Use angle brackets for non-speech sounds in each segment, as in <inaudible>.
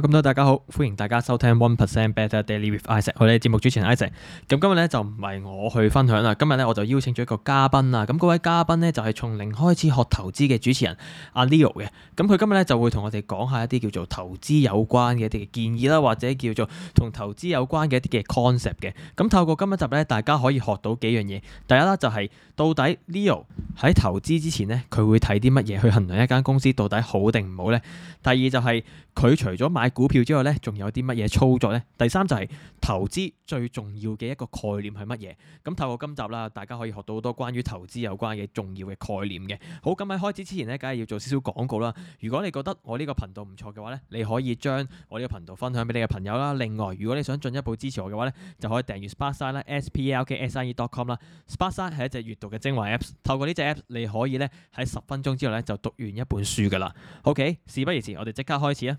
咁多大家好，歡迎大家收聽 One Percent Better Daily with Isaac，我哋嘅節目主持人 Isaac。咁今日咧就唔係我去分享啦，今日咧我就邀請咗一個嘉賓啦。咁嗰位嘉賓咧就係從零開始學投資嘅主持人阿、啊、Leo 嘅。咁佢今日咧就會同我哋講一下一啲叫做投資有關嘅一啲嘅建議啦，或者叫做同投資有關嘅一啲嘅 concept 嘅。咁透過今日集咧，大家可以學到幾樣嘢。第一啦、就是，就係到底 Leo 喺投資之前咧，佢會睇啲乜嘢去衡量一間公司到底好定唔好咧？第二就係、是。佢除咗買股票之外咧，仲有啲乜嘢操作呢？第三就係投資最重要嘅一個概念係乜嘢？咁透過今集啦，大家可以學到好多關於投資有關嘅重要嘅概念嘅。好咁喺開始之前呢，梗係要做少少廣告啦。如果你覺得我呢個頻道唔錯嘅話呢，你可以將我呢個頻道分享俾你嘅朋友啦。另外如果你想進一步支持我嘅話呢，就可以訂閱 Sparkside 啦，s p a r k s i d e dot com 啦。Sparkside 係一隻閱讀嘅精華 Apps。透過呢隻 Apps，你可以呢，喺十分鐘之後呢，就讀完一本書㗎啦。OK，事不宜遲，我哋即刻開始啊！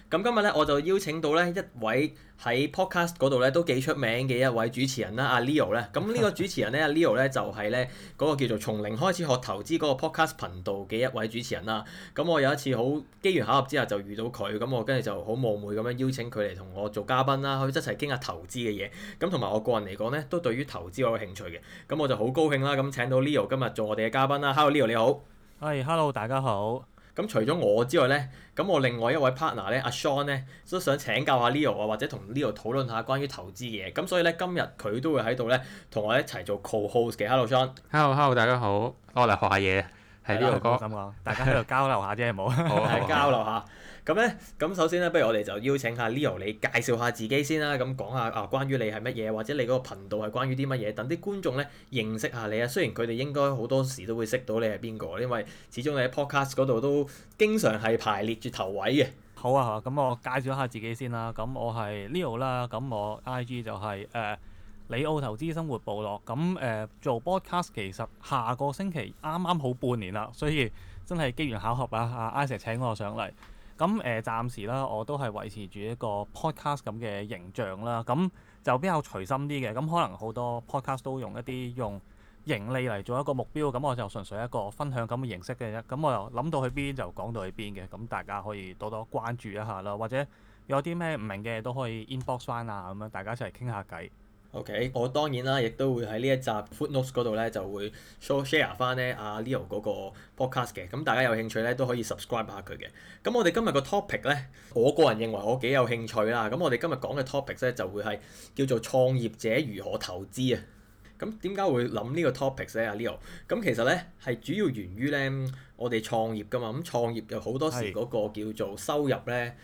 咁今日咧，我就邀請到咧一位喺 podcast 嗰度咧都幾出名嘅一位主持人啦，阿、啊、Leo 咧。咁呢個主持人咧 <laughs> ，Leo 咧就係咧嗰個叫做從零開始學投資嗰個 podcast 頻道嘅一位主持人啦。咁我有一次好機緣巧合之下就遇到佢，咁我跟住就好冒昧咁樣邀請佢嚟同我做嘉賓啦，去一齊傾下投資嘅嘢。咁同埋我個人嚟講咧，都對於投資我有興趣嘅。咁我就好高興啦，咁請到 Leo 今日做我哋嘅嘉賓啦。Hello，Leo 你好。係、hey，Hello，大家好。咁除咗我之外咧，咁我另外一位 partner 咧，阿 Shawn 咧都想請教下 Leo 啊，或者同 Leo 討論下關於投資嘢。咁所以咧，今日佢都會喺度咧，同我一齊做 co-host 嘅。Hello，Shawn。Hello，Hello，hello, hello, 大家好。我嚟學下嘢。喺呢度講。大家喺度交流下啫，係冇。好。交流下。咁咧，咁首先咧，不如我哋就邀請下 Leo，你介紹下自己先啦。咁講下啊，關於你係乜嘢，或者你嗰個頻道係關於啲乜嘢，等啲觀眾咧認識下你啊。雖然佢哋應該好多時都會識到你係邊個，因為始終你喺 Podcast 嗰度都經常係排列住頭位嘅，啊。好啊，咁我介紹一下自己先啦。咁我係 Leo 啦，咁我 IG 就係、是、誒、呃、李奧投資生活部落。咁、呃、誒做 Podcast 其實下個星期啱啱好半年啦，所以真係機緣巧合啊！阿 Ish 請我上嚟。咁誒，暫、嗯呃、時啦，我都係維持住一個 podcast 咁嘅形象啦。咁、嗯、就比較隨心啲嘅。咁、嗯、可能好多 podcast 都用一啲用盈利嚟做一個目標。咁、嗯、我就純粹一個分享咁嘅形式嘅啫。咁、嗯、我又諗到去邊就講到去邊嘅。咁、嗯、大家可以多多關注一下啦。或者有啲咩唔明嘅都可以 inbox 翻啊。咁、嗯、樣大家一齊傾下偈。OK，我當然啦，亦都會喺呢一集 Footnotes 嗰度咧，就會 share 返咧阿 Leo 嗰個 podcast 嘅，咁大家有興趣咧都可以 subscribe 下佢嘅。咁我哋今日個 topic 咧，我個人認為我幾有興趣啦。咁我哋今日講嘅 topic 咧，就會係叫做創業者如何投資啊。咁點解會諗呢個 topic 咧，阿 Leo？咁其實咧係主要源於咧，我哋創業㗎嘛，咁創業有好多時嗰個叫做收入咧。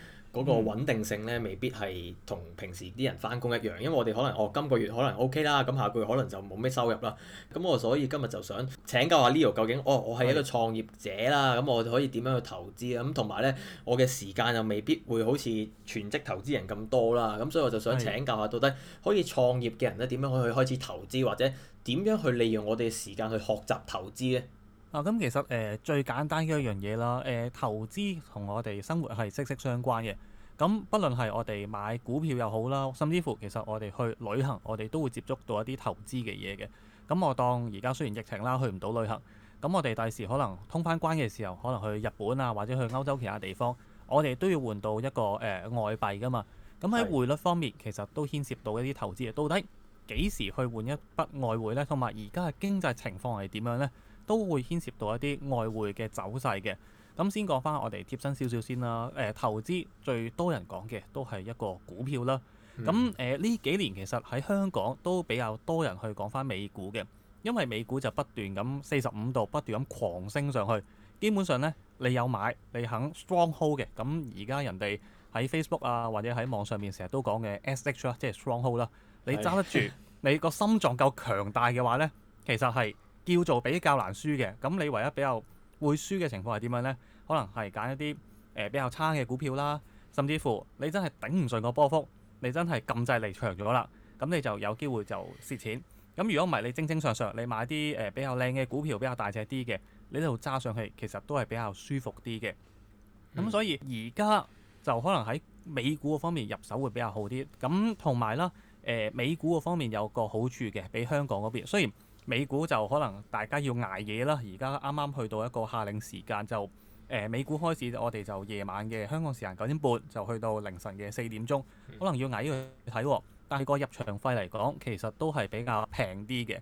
嗰、嗯、個穩定性咧，未必係同平時啲人返工一樣，因為我哋可能哦，今個月可能 O、OK、K 啦，咁下個月可能就冇咩收入啦。咁我所以今日就想請教下 Leo，究竟哦，我係一個創業者啦，咁是的 我可以點樣去投資啊？咁同埋咧，我嘅時間又未必會好似全職投資人咁多啦。咁所以我就想請教下，到底是的 可以創業嘅人咧，點樣可以開始投資，或者點樣去利用我哋嘅時間去學習投資咧？啊，咁其實誒、呃、最簡單嘅一樣嘢啦，誒、呃、投資同我哋生活係息息相關嘅。咁，不論係我哋買股票又好啦，甚至乎其實我哋去旅行，我哋都會接觸到一啲投資嘅嘢嘅。咁我當而家雖然疫情啦，去唔到旅行，咁我哋第時可能通返關嘅時候，可能去日本啊或者去歐洲其他地方，我哋都要換到一個誒、呃、外幣㗎嘛。咁喺匯率方面，其實都牽涉到一啲投資嘅。到底幾時去換一筆外匯呢？同埋而家嘅經濟情況係點樣呢？都會牽涉到一啲外匯嘅走勢嘅。咁先講翻我哋貼身少少先啦，誒、呃、投資最多人講嘅都係一個股票啦。咁誒、呢幾年其實喺香港都比較多人去講翻美股嘅，因為美股就不斷咁四十五度不斷咁狂升上去。基本上呢，你有買你肯 strong hold 嘅，咁而家人哋喺 Facebook 啊或者喺網上面成日都講嘅 SH、啊、即係 strong hold 啦，你揸得住，是你個心臟夠強大嘅話呢，其實係叫做比較難輸嘅。咁你唯一比較會輸嘅情況係點樣呢？可能係揀一啲誒、呃、比較差嘅股票啦，甚至乎你真係頂唔順個波幅，你真係撳制離場咗啦，咁你就有機會就蝕錢。咁如果唔係你正正常常你買啲誒、呃、比較靚嘅股票，比較大隻啲嘅，你呢度揸上去其實都係比較舒服啲嘅。咁所以而家就可能喺美股嗰方面入手會比較好啲。咁同埋啦，誒、呃、美股嗰方面有個好處嘅，比香港嗰邊雖然。美股就可能大家要捱夜啦，而家啱啱去到一個夏令時間就誒、呃、美股開始，我哋就夜晚嘅香港時間九點半就去到凌晨嘅四點鐘，可能要捱夜去睇喎。但係個入場費嚟講，其實都係比較平啲嘅，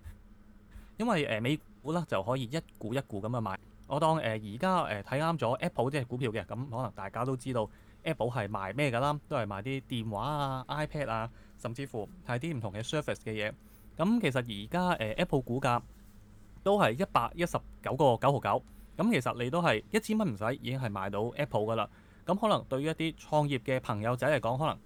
因為誒、呃、美股啦就可以一股一股咁樣買。我當誒而家誒睇啱咗 Apple 即係股票嘅，咁可能大家都知道 Apple 係賣咩㗎啦，都係賣啲電話啊 iPad 啊，甚至乎睇啲唔同嘅 Surface 嘅嘢。咁其實而家誒 Apple 股價都係一百一十九個九毫九，咁其實你都係一千蚊唔使已經係買到 Apple 㗎喇。咁可能對於一啲創業嘅朋友仔嚟講，可能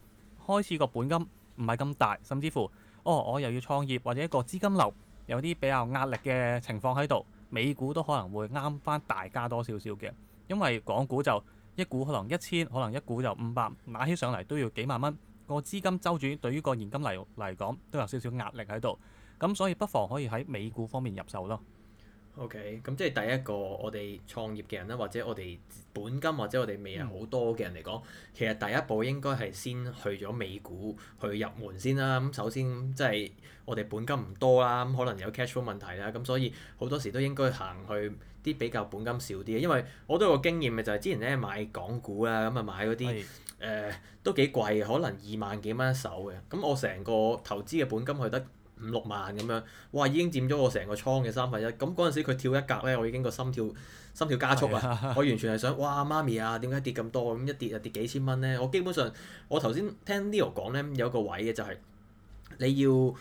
開始個本金唔係咁大，甚至乎哦我又要創業或者一個資金流有啲比較壓力嘅情況喺度，美股都可能會啱返大家多少少嘅，因為港股就一股可能一千，可能一股就五百，買起上嚟都要幾萬蚊。個資金周轉對於個現金嚟嚟講都有少少壓力喺度，咁所以不妨可以喺美股方面入手咯。OK，咁即係第一個我哋創業嘅人啦，或者我哋本金或者我哋未有好多嘅人嚟講，嗯、其實第一步應該係先去咗美股去入門先啦。咁首先即係我哋本金唔多啦，咁可能有 cash flow 問題啦，咁所以好多時都應該行去啲比較本金少啲嘅，因為我都有個經驗嘅就係、是、之前咧買港股啊，咁啊買嗰啲。誒、呃、都幾貴，可能二萬幾蚊一手嘅。咁我成個投資嘅本金去得五六萬咁樣，哇已經佔咗我成個倉嘅三分一。咁嗰陣時佢跳一格咧，我已經個心跳心跳加速啊！是的 我完全係想，哇媽咪啊，點解跌咁多？咁一跌就跌幾千蚊咧。我基本上我頭先聽 Leo 講咧，有一個位嘅就係、是、你要誒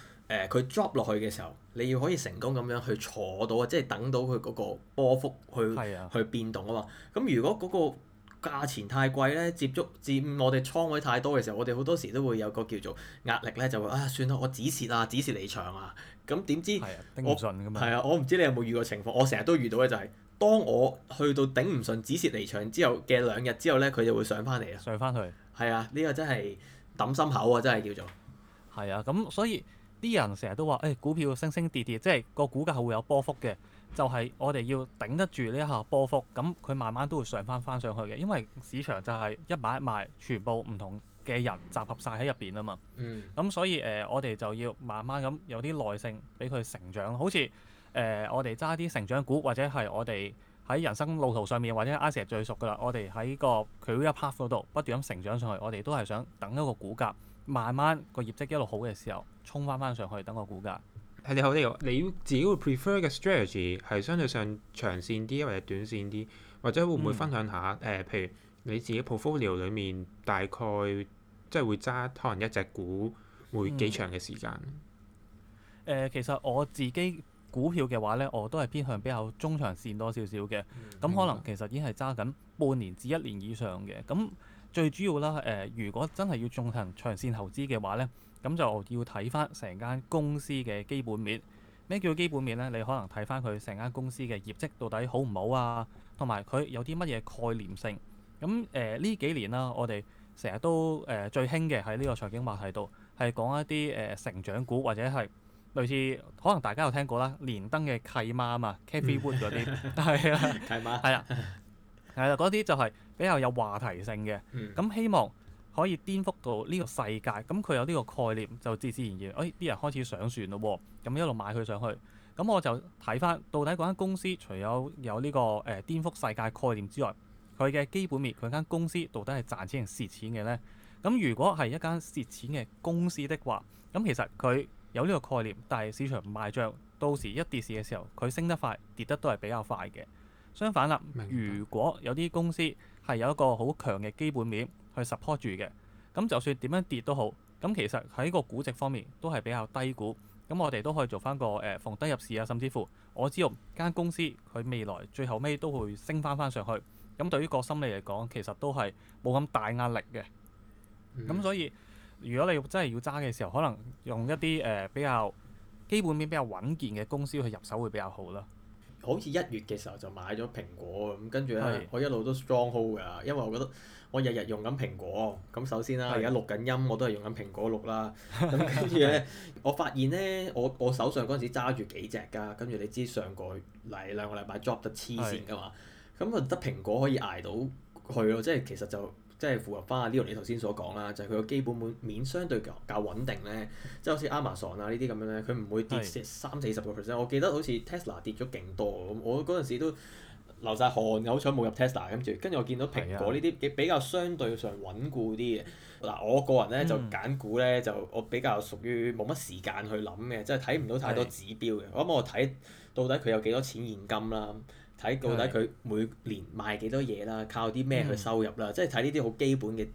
佢 drop 落去嘅時候，你要可以成功咁樣去坐到啊，即、就、係、是、等到佢嗰個波幅去是的 去變動啊嘛。咁如果嗰、那個價錢太貴咧，接觸佔我哋倉位太多嘅時候，我哋好多時都會有個叫做壓力咧，就會啊算啦，我止蝕啊，止蝕離場啊。咁點知？係啊，頂唔順㗎嘛。係啊，我唔知你有冇遇過情況，我成日都遇到嘅就係、是，當我去到頂唔順止蝕離場之後嘅兩日之後咧，佢就會上翻嚟啦。上翻去。係啊，呢、這個真係揼心口啊，真係叫做。係啊，咁所以啲人成日都話，誒、哎、股票升升跌跌，即係個股價係會有波幅嘅。就係我哋要頂得住呢一下波幅，咁佢慢慢都會上翻翻上去嘅，因為市場就係一買一賣，全部唔同嘅人集合晒喺入邊啊嘛。咁、嗯、所以誒、呃，我哋就要慢慢咁有啲耐性俾佢成長。好似誒、呃，我哋揸啲成長股，或者係我哋喺人生路途上面，或者 i s 最熟噶啦，我哋喺個佢一 part 嗰度不斷咁成長上去，我哋都係想等一個股價慢慢個業績一路好嘅時候，衝翻翻上去，等個股價。係你好，你你自己會 prefer 嘅 strategy 係相對上長線啲，或者短線啲，或者會唔會分享下？誒、嗯呃，譬如你自己 portfolio 裡面大概即係會揸可能一隻股會幾長嘅時間？誒、嗯呃，其實我自己股票嘅話咧，我都係偏向比較中長線多少少嘅。咁、嗯、可能其實已經係揸緊半年至一年以上嘅。咁最主要啦，誒、呃，如果真係要進行長線投資嘅話咧。咁在裡面就要睇翻成間公司嘅基本面。咩叫基本面咧？你可能睇翻佢成間公司嘅業績到底好唔好啊，同埋佢有啲乜嘢概念性。咁誒呢幾年啦、啊，我哋成日都誒、呃、最興嘅喺呢個財經話題度，係講一啲誒、呃、成長股或者係類似，可能大家有聽過啦，連登嘅 <laughs> <laughs> 契媽啊嘛，Cafe Wood 嗰啲，係啊，契媽，係啊，嗰啲就係比較有話題性嘅。咁希望。嗯可以顛覆到呢個世界，咁佢有呢個概念就自自然然，哎，啲人開始上船咯，咁一路買佢上去。咁我就睇返到底嗰間公司除咗有呢個誒顛覆世界概念之外，佢嘅基本面，佢間公司到底係賺錢定蝕錢嘅呢？咁如果係一間蝕錢嘅公司的話，咁其實佢有呢個概念，但係市場唔賣帳，到時一跌市嘅時候，佢升得快，跌得都係比較快嘅。相反啦，明白。如果有啲公司係有一個好強嘅基本面。去 support 住嘅，咁，就算點樣跌都好咁，其實喺個估值方面都係比較低估。咁，我哋都可以做翻個誒、呃、逢低入市啊，甚至乎我知道間公司佢未來最後尾都會升翻翻上去咁，對於個心理嚟講，其實都係冇咁大壓力嘅。咁所以如果你真係要揸嘅時候，可能用一啲誒、呃、比較基本面比較穩健嘅公司去入手會比較好啦。好似一月嘅時候就買咗蘋果咁，跟住咧我一路都 strong hold 㗎，因為我覺得我日日用緊蘋果，咁首先啦而家錄緊音我都係用緊蘋果錄啦，咁跟住咧我發現咧我我手上嗰陣時揸住幾隻㗎，跟住你知上個禮兩個禮拜 drop 得黐線㗎嘛，咁佢得蘋果可以捱到去咯，即係其實就。即係符合翻啊！呢個你頭先所講啦，就係佢個基本面相對較穩定咧，即係好似 Amazon 啊呢啲咁樣咧，佢唔會跌成三四十個 percent。的我記得好似 Tesla 跌咗勁多，我嗰陣時都流晒汗，好彩冇入 Tesla。跟住跟住我見到蘋果呢啲比較相對上穩固啲嘅。嗱的，我個人咧就揀股咧就我比較屬於冇乜時間去諗嘅，即係睇唔到太多指標嘅。的我咁我睇到底佢有幾多錢現金啦。睇到底佢每年賣幾多嘢啦，靠啲咩去收入啦，嗯、即係睇呢啲好基本嘅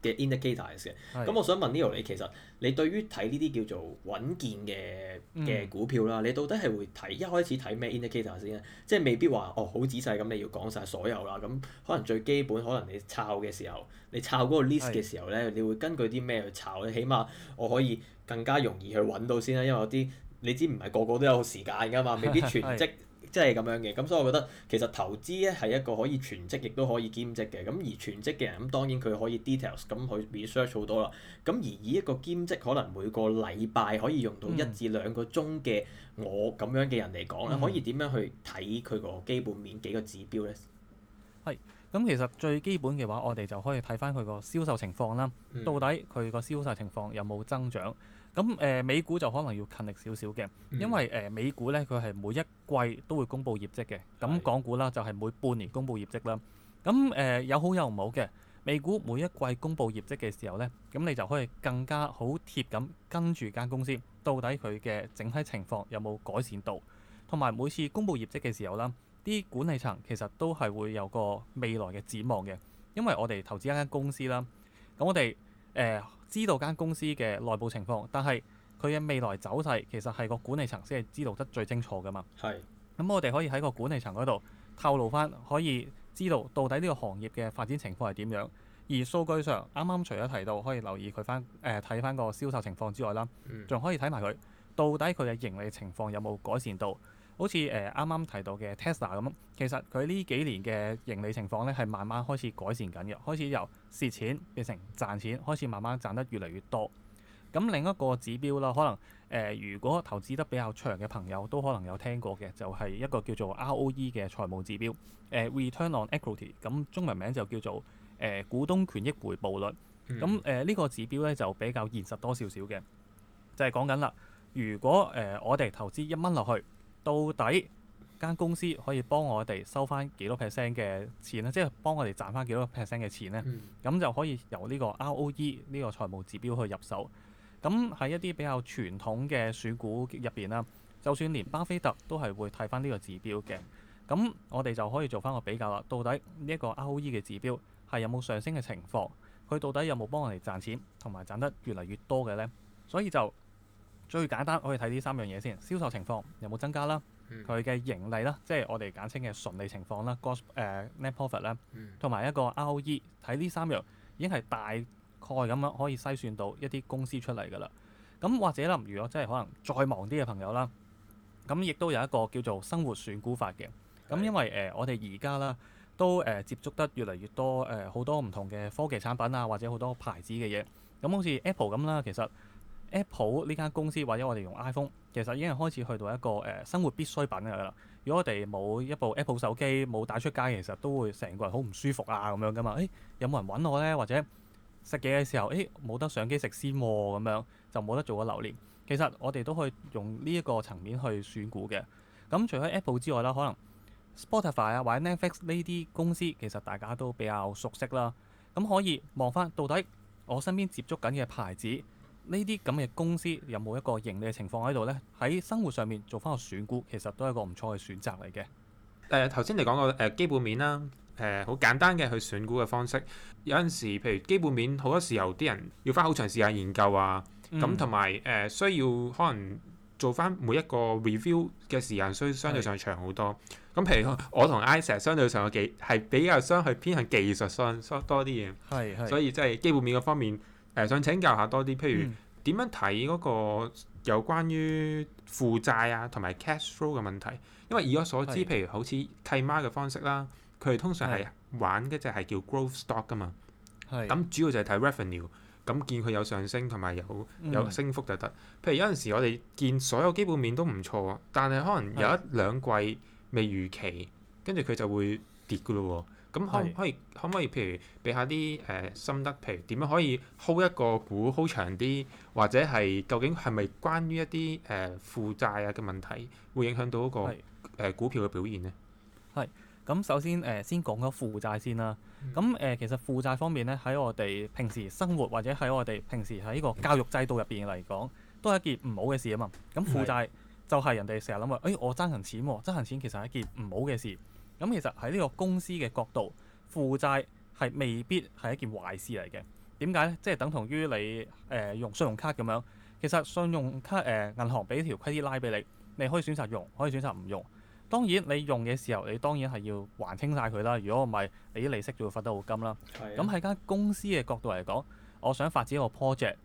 嘅 indicators 嘅。咁、嗯、我想問呢度，你其實你對於睇呢啲叫做穩健嘅嘅股票啦，你到底係會睇一開始睇咩 indicator 先咧？即係未必話哦好仔細咁你要講晒所有啦。咁可能最基本，可能你炒嘅時候，你抄嗰個 list 嘅時候咧，嗯、你會根據啲咩去炒咧？起碼我可以更加容易去揾到先啦，因為有啲你知唔係個個都有時間㗎嘛，未必全職、 <laughs> 嗯。即係咁樣嘅，咁所以我覺得其實投資咧係一個可以全職，亦都可以兼職嘅。咁而全職嘅人，咁當然佢可以 details，咁去 research 好多啦。咁而以一個兼職，可能每個禮拜可以用到一至兩個鐘嘅我咁樣嘅人嚟講啦，嗯、可以點樣去睇佢個基本面幾個指標咧？係，咁其實最基本嘅話，我哋就可以睇翻佢個銷售情況啦。到底佢個銷售情況有冇增長？咁誒、呃、美股就可能要勤力少少嘅，因為誒、呃、美股呢，佢係每一季都會公布業績嘅，咁港股啦就係、是、每半年公布業績啦。咁誒、呃、有好有唔好嘅，美股每一季公布業績嘅時候呢，咁你就可以更加好貼咁跟住間公司到底佢嘅整體情況有冇改善到，同埋每次公布業績嘅時候啦，啲管理層其實都係會有個未來嘅展望嘅，因為我哋投資一間公司啦，咁我哋誒。呃知道間公司嘅內部情況，但係佢嘅未來走勢其實，係個管理層先係知道得最清楚嘅嘛。係是。咁我哋可以喺個管理層嗰度透露翻，可以知道到底呢個行業嘅發展情況係點樣。而數據上，啱啱除咗提到可以留意佢翻，誒睇翻個銷售情況之外啦，仲、嗯、可以睇埋佢到底佢嘅盈利情況有冇改善到。好似誒啱啱提到嘅 Tesla 咁，其實佢呢幾年嘅盈利情況咧，係慢慢開始改善緊嘅，開始由蝕錢變成賺錢，開始慢慢賺得越嚟越多。咁另一個指標啦，可能誒、呃，如果投資得比較長嘅朋友都可能有聽過嘅，就係一個叫做 ROE 嘅財務指標，誒、呃、Return on Equity 咁中文名就叫做誒、呃、股東權益回報率。咁誒呢個指標咧就比較現實多少少嘅，就係講緊啦。如果誒、呃、我哋投資一蚊落去。到底間公司可以幫我哋收翻幾多 percent 嘅錢呢？即係幫我哋賺翻幾多 percent 嘅錢呢？咁就可以由呢個 ROE 呢個財務指標去入手。咁喺一啲比較傳統嘅選股入邊啦，就算連巴菲特都係會睇翻呢個指標嘅。咁我哋就可以做翻個比較啦。到底呢一個 ROE 嘅指標係有冇上升嘅情況？佢到底有冇幫我哋賺錢，同埋賺得越嚟越多嘅呢？所以就最簡單可以睇呢三樣嘢先，銷售情況有冇增加啦，佢嘅盈利啦，即係我哋簡稱嘅純利情況啦 gross 誒 net profit 啦，同埋一個 ROE，睇呢三樣已經係大概咁樣可以篩選到一啲公司出嚟㗎啦。咁或者咧，如果真係可能再忙啲嘅朋友啦，咁亦都有一個叫做生活選股法嘅。咁因為誒、呃、我哋而家啦都誒、呃、接觸得越嚟越多誒好、呃、多唔同嘅科技產品啊，或者好多牌子嘅嘢。咁好似 Apple 咁啦，其實。Apple 呢間公司或者我哋用 iPhone，其實已經係開始去到一個誒、呃、生活必需品㗎啦。如果我哋冇一部 Apple 手機冇帶出街，其實都會成個人好唔舒服啊咁樣噶嘛。誒有冇人揾我呢？或者食嘢嘅時候，誒冇得相機食先咁、啊、樣，就冇得做個流連。其實我哋都可以用呢一個層面去選股嘅。咁、嗯、除咗 Apple 之外啦，可能 Spotify 啊或者 Netflix 呢啲公司，其實大家都比較熟悉啦。咁、嗯、可以望翻到底我身邊接觸緊嘅牌子，呢啲咁嘅公司有冇一個盈利嘅情況喺度呢？喺生活上面做返個選股，其實都係一個唔錯嘅選擇嚟嘅。誒頭先你講過誒基本面啦，誒、呃、好簡單嘅去選股嘅方式。有陣時，譬如基本面好多時候，啲人要花好長時間研究啊。咁同埋誒需要可能做返每一個 review 嘅時間，需相對上長好多。咁是譬如我同 i s e 相對上有幾係比較相去偏向技術上，多啲嘢。係係。所以即係基本面嗰方面。誒、呃、想請教下多啲，譬如點樣睇嗰個有關於負債啊同埋 cash flow 嘅問題，因為以我所知，的譬如好似契媽嘅方式啦，佢哋通常係玩嗰隻係叫 growth stock 噶嘛，咁的主要就係睇 revenue，咁見佢有上升同埋有有升幅就得。嗯、譬如有陣時我哋見所有基本面都唔錯，但係可能有一兩季未預期，的跟住佢就會跌噶咯喎。咁可唔可以是可唔可以，譬如俾下啲誒、呃、心得，譬如點樣可以 hold 一個股 hold 長啲，或者係究竟係咪關於一啲誒、呃、負債啊嘅問題，會影響到一、那個股票嘅表現咧？係是。咁、呃、首先誒、呃，先講咗負債先啦。咁誒、嗯呃，其實負債方面咧，喺我哋平時生活或者喺我哋平時喺呢個教育制度入邊嚟講，都係一件唔好嘅事啊嘛。咁負債就係人哋成日諗話，誒、哎、我爭人錢喎、啊，爭人錢其實係一件唔好嘅事。咁其實喺呢個公司嘅角度，負債係未必係一件壞事嚟嘅。點解咧？即係等同於你誒、呃、用信用卡咁樣。其實信用卡誒、呃、銀行俾條規例拉俾你，你可以選擇用，可以選擇唔用。當然你用嘅時候，你當然係要還清晒佢啦。如果唔係，你啲利息就會罰得好金啦。咁喺間公司嘅角度嚟講，我想發展一個 project。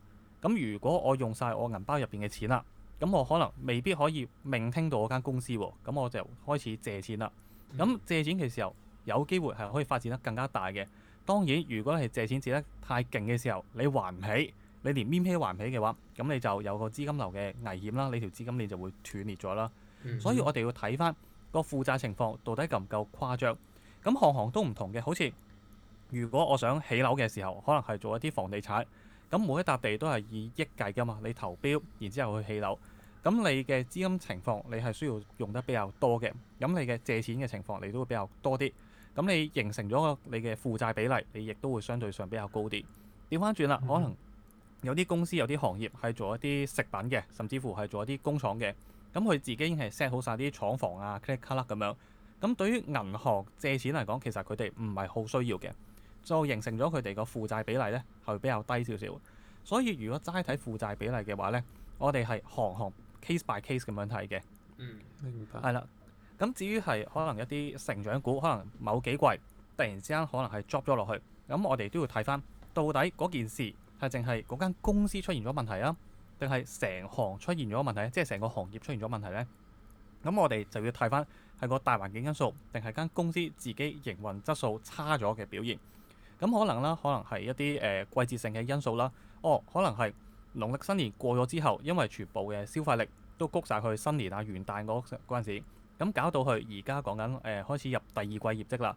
咁如果我用晒我銀包入邊嘅錢啦，咁我可能未必可以命聽到我間公司喎。咁我就開始借錢啦。咁、嗯、借錢嘅時候有機會係可以發展得更加大嘅。當然，如果你係借錢借得太勁嘅時候，你還唔起，你連邊批還唔起嘅話，咁你就有個資金流嘅危險啦。你條資金鏈就會斷裂咗啦。嗯、所以我哋要睇翻個負債情況到底夠唔夠誇張。咁行行都唔同嘅，好似如果我想起樓嘅時候，可能係做一啲房地產，咁每一笪地都係以億計㗎嘛。你投標，然之後去起樓。咁你嘅資金情況，你係需要用得比較多嘅，咁你嘅借錢嘅情況你都會比較多啲，咁你形成咗個你嘅負債比例，你亦都會相對上比較高啲。調翻轉啦，可能有啲公司有啲行業係做一啲食品嘅，甚至乎係做一啲工廠嘅，咁佢自己已經係 set 好晒啲廠房啊、click click 咁樣。咁對於銀行借錢嚟講，其實佢哋唔係好需要嘅，就形成咗佢哋個負債比例咧係比較低少少。所以如果齋睇負債比例嘅話咧，我哋係行行，case by case 咁樣睇嘅，嗯，明白。係啦，咁至於係可能一啲成長股，可能某幾季突然之間可能係 drop 咗落去，咁我哋都要睇翻，到底嗰件事係淨係嗰間公司出現咗問題啊，定係成行出現咗問題？即係成個行業出現咗問題呢？咁我哋就要睇翻係個大環境因素，定係間公司自己營運質素差咗嘅表現？咁可能啦，可能係一啲誒、呃、季節性嘅因素啦，哦，可能係。農曆新年過咗之後，因為全部嘅消費力都谷晒，去新年啊、元旦嗰嗰陣時，咁搞到佢而家講緊誒開始入第二季業績啦。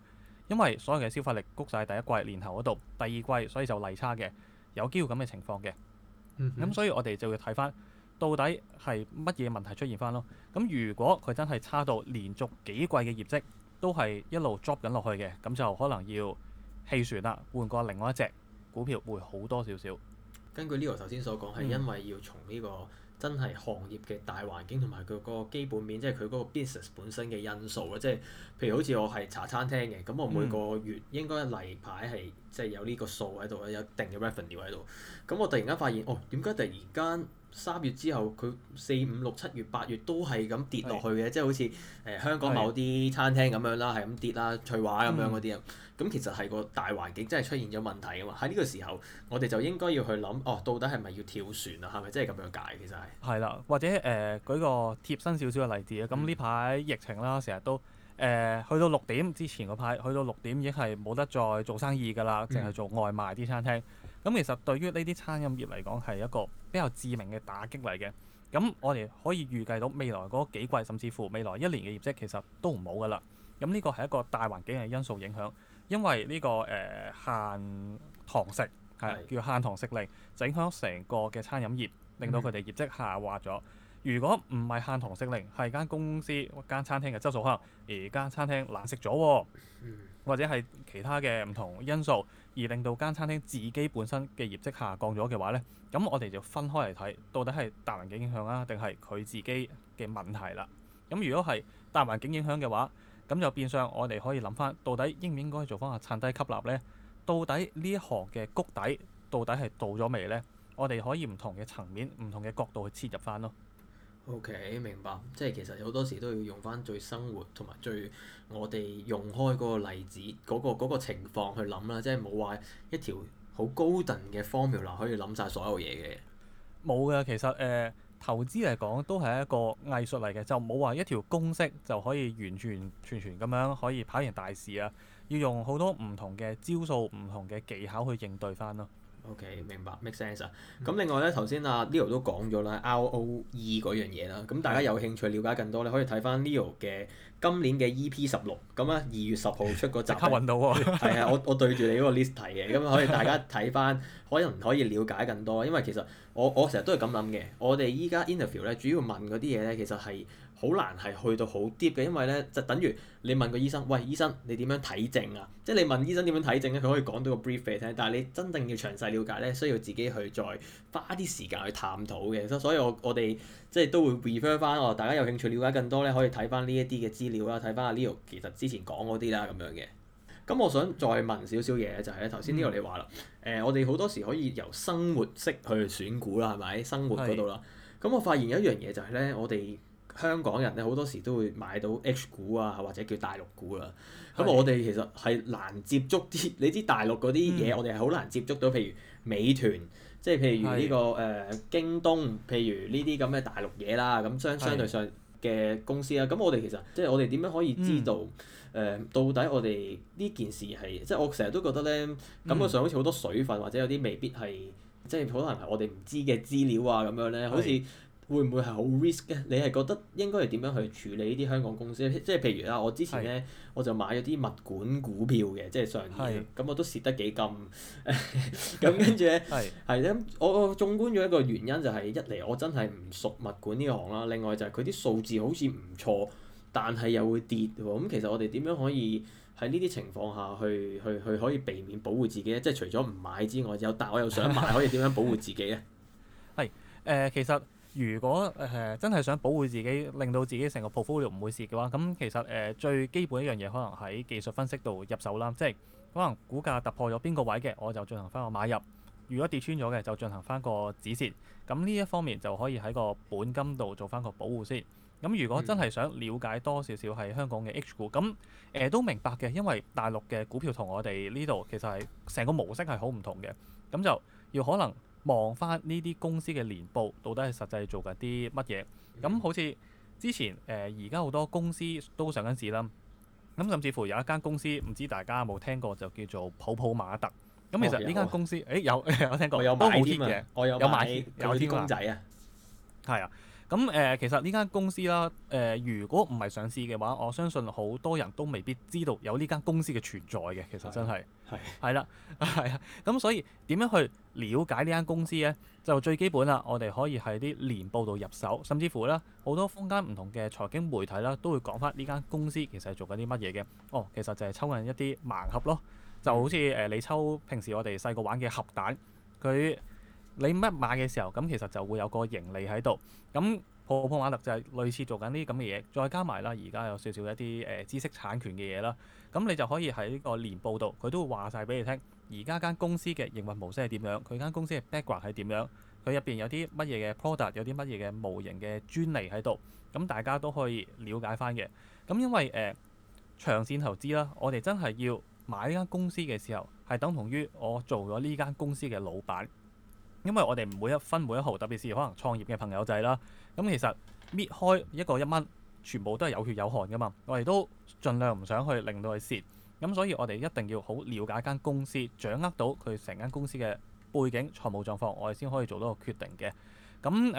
因為所有嘅消費力谷晒第一季年頭嗰度，第二季所以就利差嘅有機會咁嘅情況嘅。咁、嗯、哼所以我哋就要睇翻到底係乜嘢問題出現翻咯。咁如果佢真係差到連續幾季嘅業績都係一路 drop 緊落去嘅，咁就可能要棄船啦，換過另外一隻股票會好多少少。根據呢個頭先所講，係因為要從呢個真係行業嘅大環境同埋佢個基本面，即係佢嗰個 business 本身嘅因素啦。即係譬如好似我係茶餐廳嘅，咁我每個月應該例牌係即係有呢個數喺度，有一定嘅 revenue 喺度。咁我突然間發現，哦，點解突然間三月之後佢四五六七月八月都係咁跌落去嘅？是的 即係好似誒、呃、香港某啲餐廳咁樣啦，係咁是的 的跌啦，翠華咁樣嗰啲啊。咁其實係個大環境真係出現咗問題啊嘛！喺呢個時候，我哋就應該要去諗哦，到底係咪要跳船啊？係咪真係咁樣解？其實係係啦，或者誒、呃、舉個貼身少少嘅例子，咁呢排疫情啦，成日都誒去到六點之前嗰排，去到六點，點已經係冇得再做生意㗎啦，淨係做外賣啲餐廳。咁、嗯、其實對於呢啲餐飲業嚟講係一個比較致命嘅打擊嚟嘅。咁我哋可以預計到未來嗰幾季，甚至乎未來一年嘅業績其實都唔好㗎啦。咁呢個係一個大環境嘅因素影響。因為呢、這個誒、呃、限堂食係叫限堂食令，就影響成個嘅餐飲業，令到佢哋業績下滑咗。如果唔係限堂食令，係間公司或間餐廳嘅質素可能而間餐廳難食咗，或者係其他嘅唔同因素而令到間餐廳自己本身嘅業績下降咗嘅話呢，咁我哋就分開嚟睇，到底係大環境影響啊，定係佢自己嘅問題啦。咁如果係大環境影響嘅話，咁就變相我哋可以諗翻，到底應唔應該做翻下撐低吸納呢？到底呢一行嘅谷底到底係到咗未呢？我哋可以唔同嘅層面、唔同嘅角度去切入翻咯。OK，明白。即係其實好多時都要用翻最生活同埋最我哋用開嗰個例子、嗰、嗰個、嗰個情況去諗啦。即係冇話一條好高等嘅 formula 可以諗晒所有嘢嘅。冇嘅，其實誒。呃。投資嚟講都係一個藝術嚟嘅，就冇話一條公式就可以完完全全咁樣可以跑贏大市啊！要用好多唔同嘅招數、唔同嘅技巧去應對翻咯啊。OK，明白，make sense 啊、嗯。咁另外呢，頭先阿 Leo 都講咗啦 ROE 嗰樣嘢啦。咁大家有興趣了解更多咧，可以睇翻 Leo 嘅今年嘅 EP 十六。咁呢，二月十號出個集。揾 <laughs> 到喎。係 <laughs> 啊，我我對住你嗰個 list 睇嘅，咁可以大家睇翻，可能可以了解更多。因為其實我我成日都係咁諗嘅，我哋依家 interview 呢，主要問嗰啲嘢呢，其實係。好難係去到好 deep 嘅，因為咧就等於你問個醫生，喂醫生你點樣睇症啊？即係你問醫生點樣睇症咧，佢可以講到個 brief 俾你聽。但係你真正要詳細了解咧，需要自己去再花啲時間去探討嘅。所以我，我我哋即係都會 refer 翻我大家有興趣了解更多咧，可以睇翻呢一啲嘅資料啦，睇翻阿 Leo 其實之前講嗰啲啦咁樣嘅。咁我想再問少少嘢就係咧，頭先呢個你話啦，誒、嗯呃、我哋好多時可以由生活式去選股啦，係咪生活嗰度啦？咁的我發現有一樣嘢就係咧，我哋。香港人咧好多時都會買到 H 股啊，或者叫大陸股啊。咁是我哋其實係難接觸啲，你知大陸嗰啲嘢，嗯、我哋係好難接觸到。譬如美團，即係譬如呢、呢個誒是、呃、京東，譬如呢啲咁嘅大陸嘢啦。咁相相對上嘅公司啦、啊，咁是我哋其實即係我哋點樣可以知道誒、嗯呃、到底我哋呢件事係即係我成日都覺得咧，感覺上好似好多水分或者有啲未必係即係好可能係我哋唔知嘅資料啊咁樣咧，好似。會唔會係好 risk 嘅？你係覺得應該係點樣去處理呢啲香港公司？即係譬如啦，我之前咧是我就買咗啲物管股票嘅，即、就、係、是、上年咁是我都蝕得幾金咁，跟住咧係咧。咁我我縱觀咗一個原因就係、是、一嚟我真係唔熟物管呢行啦，另外就係佢啲數字好似唔錯，但係又會跌喎。咁其實我哋點樣可以喺呢啲情況下去去去，去可以避免保護自己咧？即係除咗唔買之外，有但係我又想買，可以點樣保護自己咧？係誒、 <laughs> <laughs> 呃，其實。如果誒、呃、真係想保護自己，令到自己成個 portfolio 唔會蝕嘅話，咁其實誒、呃、最基本一樣嘢，可能喺技術分析度入手啦。即係可能股價突破咗邊個位嘅，我就進行翻個買入；如果跌穿咗嘅，就進行翻個止蝕。咁呢一方面就可以喺個本金度做翻個保護先。咁如果真係想了解多少少係香港嘅 H 股，咁誒、呃、都明白嘅，因為大陸嘅股票同我哋呢度其實係成個模式係好唔同嘅，咁就要可能，望翻呢啲公司嘅年報，到底係實際做緊啲乜嘢？咁好似之前誒，而家好多公司都上緊市啦。咁甚至乎有一間公司，唔知大家有冇聽過，就叫做普普馬特。咁其實呢間公司，誒有、啊欸、有我聽過，有好 hit 有買有啲公仔啊。係啊、嗯，咁、嗯、誒、呃、其實呢間公司啦，誒、呃、如果唔係上市嘅話，我相信好多人都未必知道有呢間公司嘅存在嘅。其實真係。係係啦，係啊，咁所以點樣去了解呢間公司呢？就最基本啦，我哋可以喺啲年報度入手，甚至乎咧好多坊間唔同嘅財經媒體啦，都會講返呢間公司其實係做緊啲乜嘢嘅。哦，其實就係抽緊一啲盲盒咯，就好似誒你抽平時我哋細個玩嘅盒蛋，佢你乜買嘅時候咁，候其實就會有個盈利喺度咁。呢鋪鋪碼特就係類似做緊呢啲咁嘅嘢，再加埋啦。而家有少少一啲誒、呃、知識產權嘅嘢啦，咁你就可以喺呢個年報度，佢都會話晒俾你聽。而家間公司嘅營運模式係點樣？佢間公司嘅 background 係點樣？佢入邊有啲乜嘢嘅 product，有啲乜嘢嘅模型嘅專利喺度，咁大家都可以了解返嘅。咁因為誒、呃、長線投資啦，我哋真係要買呢間公司嘅時候，係等同於我做咗呢間公司嘅老闆，因為我哋每一分每一毫，特別是可能創業嘅朋友仔啦。咁其實搣開一個一蚊，全部都係有血有汗噶嘛。我哋都盡量唔想去令到佢蝕，咁所以我哋一定要好了解間公司，掌握到佢成間公司嘅背景、財務狀況，我哋先可以做到個決定嘅。咁誒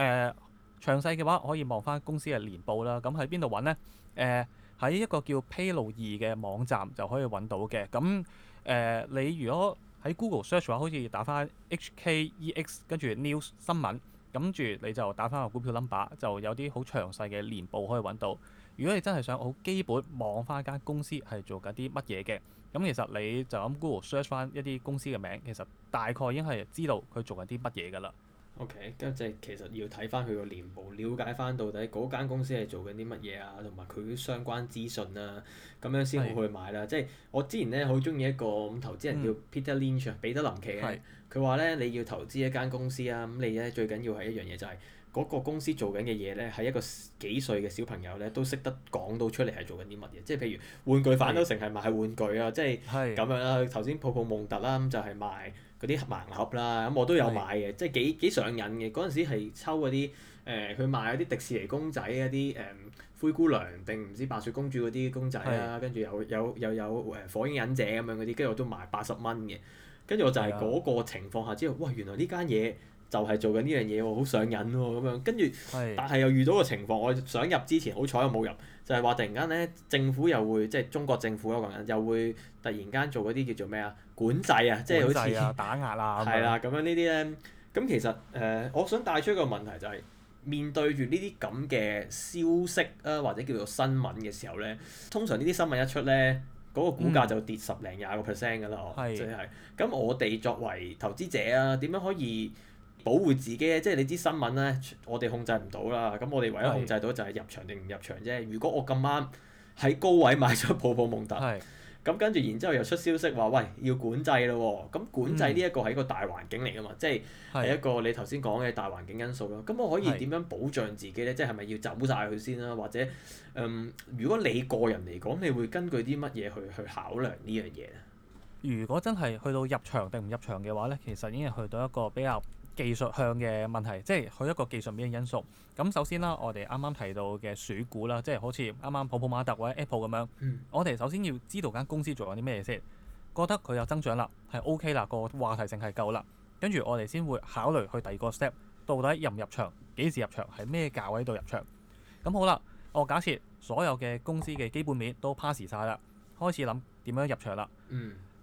詳細嘅話，可以望翻公司嘅年報啦。咁喺邊度揾呢？誒、呃、喺一個叫披露易嘅網站就可以揾到嘅。咁誒、呃、你如果喺 Google search 嘅話，好似打翻 HKEX 跟住 News 新聞。咁住你就打翻個股票 number，就有啲好詳細嘅年報可以揾到。如果你真係想好基本望翻一間公司係做緊啲乜嘢嘅，咁其實你就咁 Google search 翻一啲公司嘅名，其實大概已經係知道佢做緊啲乜嘢㗎啦。O.K.，跟住其實要睇翻佢個年報，了解翻到底嗰間公司係做緊啲乜嘢啊，同埋佢相關資訊啊，咁樣先好去買啦。是的 即係我之前咧好中意一個投資人叫 Peter Lynch，彼得、嗯、林奇啊。佢話咧你要投資一間公司啊，咁你咧最緊要係一樣嘢就係、是、嗰、那個公司做緊嘅嘢咧，係一個幾歲嘅小朋友咧都識得講到出嚟係做緊啲乜嘢。即係譬如玩具反斗城係賣玩具啊，即係咁樣啦。頭先泡泡蒙特啦，咁就係賣。嗰啲盲盒啦，咁我都有買嘅，即係幾幾上癮嘅。嗰陣時係抽嗰啲誒，佢賣嗰啲迪士尼公仔嗰啲誒灰姑娘定唔知白雪公主嗰啲公仔啦，跟住是的 有有又有誒火影忍者咁樣嗰啲，跟住我都買八十蚊嘅。跟住我就係嗰個情況下之後，嘩是的 原來呢間嘢就係做緊呢樣嘢喎，好上癮喎咁樣。跟住是的 但係又遇到個情況，我想入之前，好彩我冇入。就係話突然間咧，政府又會即係中國政府嗰個人又會突然間做嗰啲叫做咩啊管制啊，即係好似、啊、打壓啊，係啦咁樣這呢啲咧。咁其實誒、呃，我想帶出一個問題就係、是、面對住呢啲咁嘅消息啊、呃，或者叫做新聞嘅時候咧，通常呢啲新聞一出咧，嗰、那個股價就跌十零廿個 percent 㗎啦。哦，即係，咁我哋作為投資者啊，點樣可以保護自己咧，即係你知新聞咧，我哋控制唔到啦。咁我哋唯一控制到就係入場定唔入場啫。如果我咁啱喺高位買咗泡泡蒙特，咁的跟住然之後又出消息話，喂，要管制咯、哦。咁管制呢一個係一個大環境嚟噶嘛，嗯、即係係一個你頭先講嘅大環境因素咯。咁的我可以點樣保障自己咧？的即係係咪要走晒佢先啦、啊？或者，嗯，如果你個人嚟講，你會根據啲乜嘢去去考量呢樣嘢咧？如果真係去到入場定唔入場嘅話咧，其實已經係去到一個比較。技術向嘅問題，即係佢一個技術面嘅因素。咁首先啦、啊，我哋啱啱提到嘅選股啦，即係好似啱啱泡泡瑪特或者 Apple 咁樣。嗯、我哋首先要知道間公司做緊啲咩先，覺得佢有增長啦，係 OK 啦，個話題性係夠啦，跟住我哋先會考慮去第二個 step，到底入唔入場，幾時入場，喺咩價位度入場。咁好啦，我假設所有嘅公司嘅基本面都 pass 晒啦，開始諗點樣入場啦。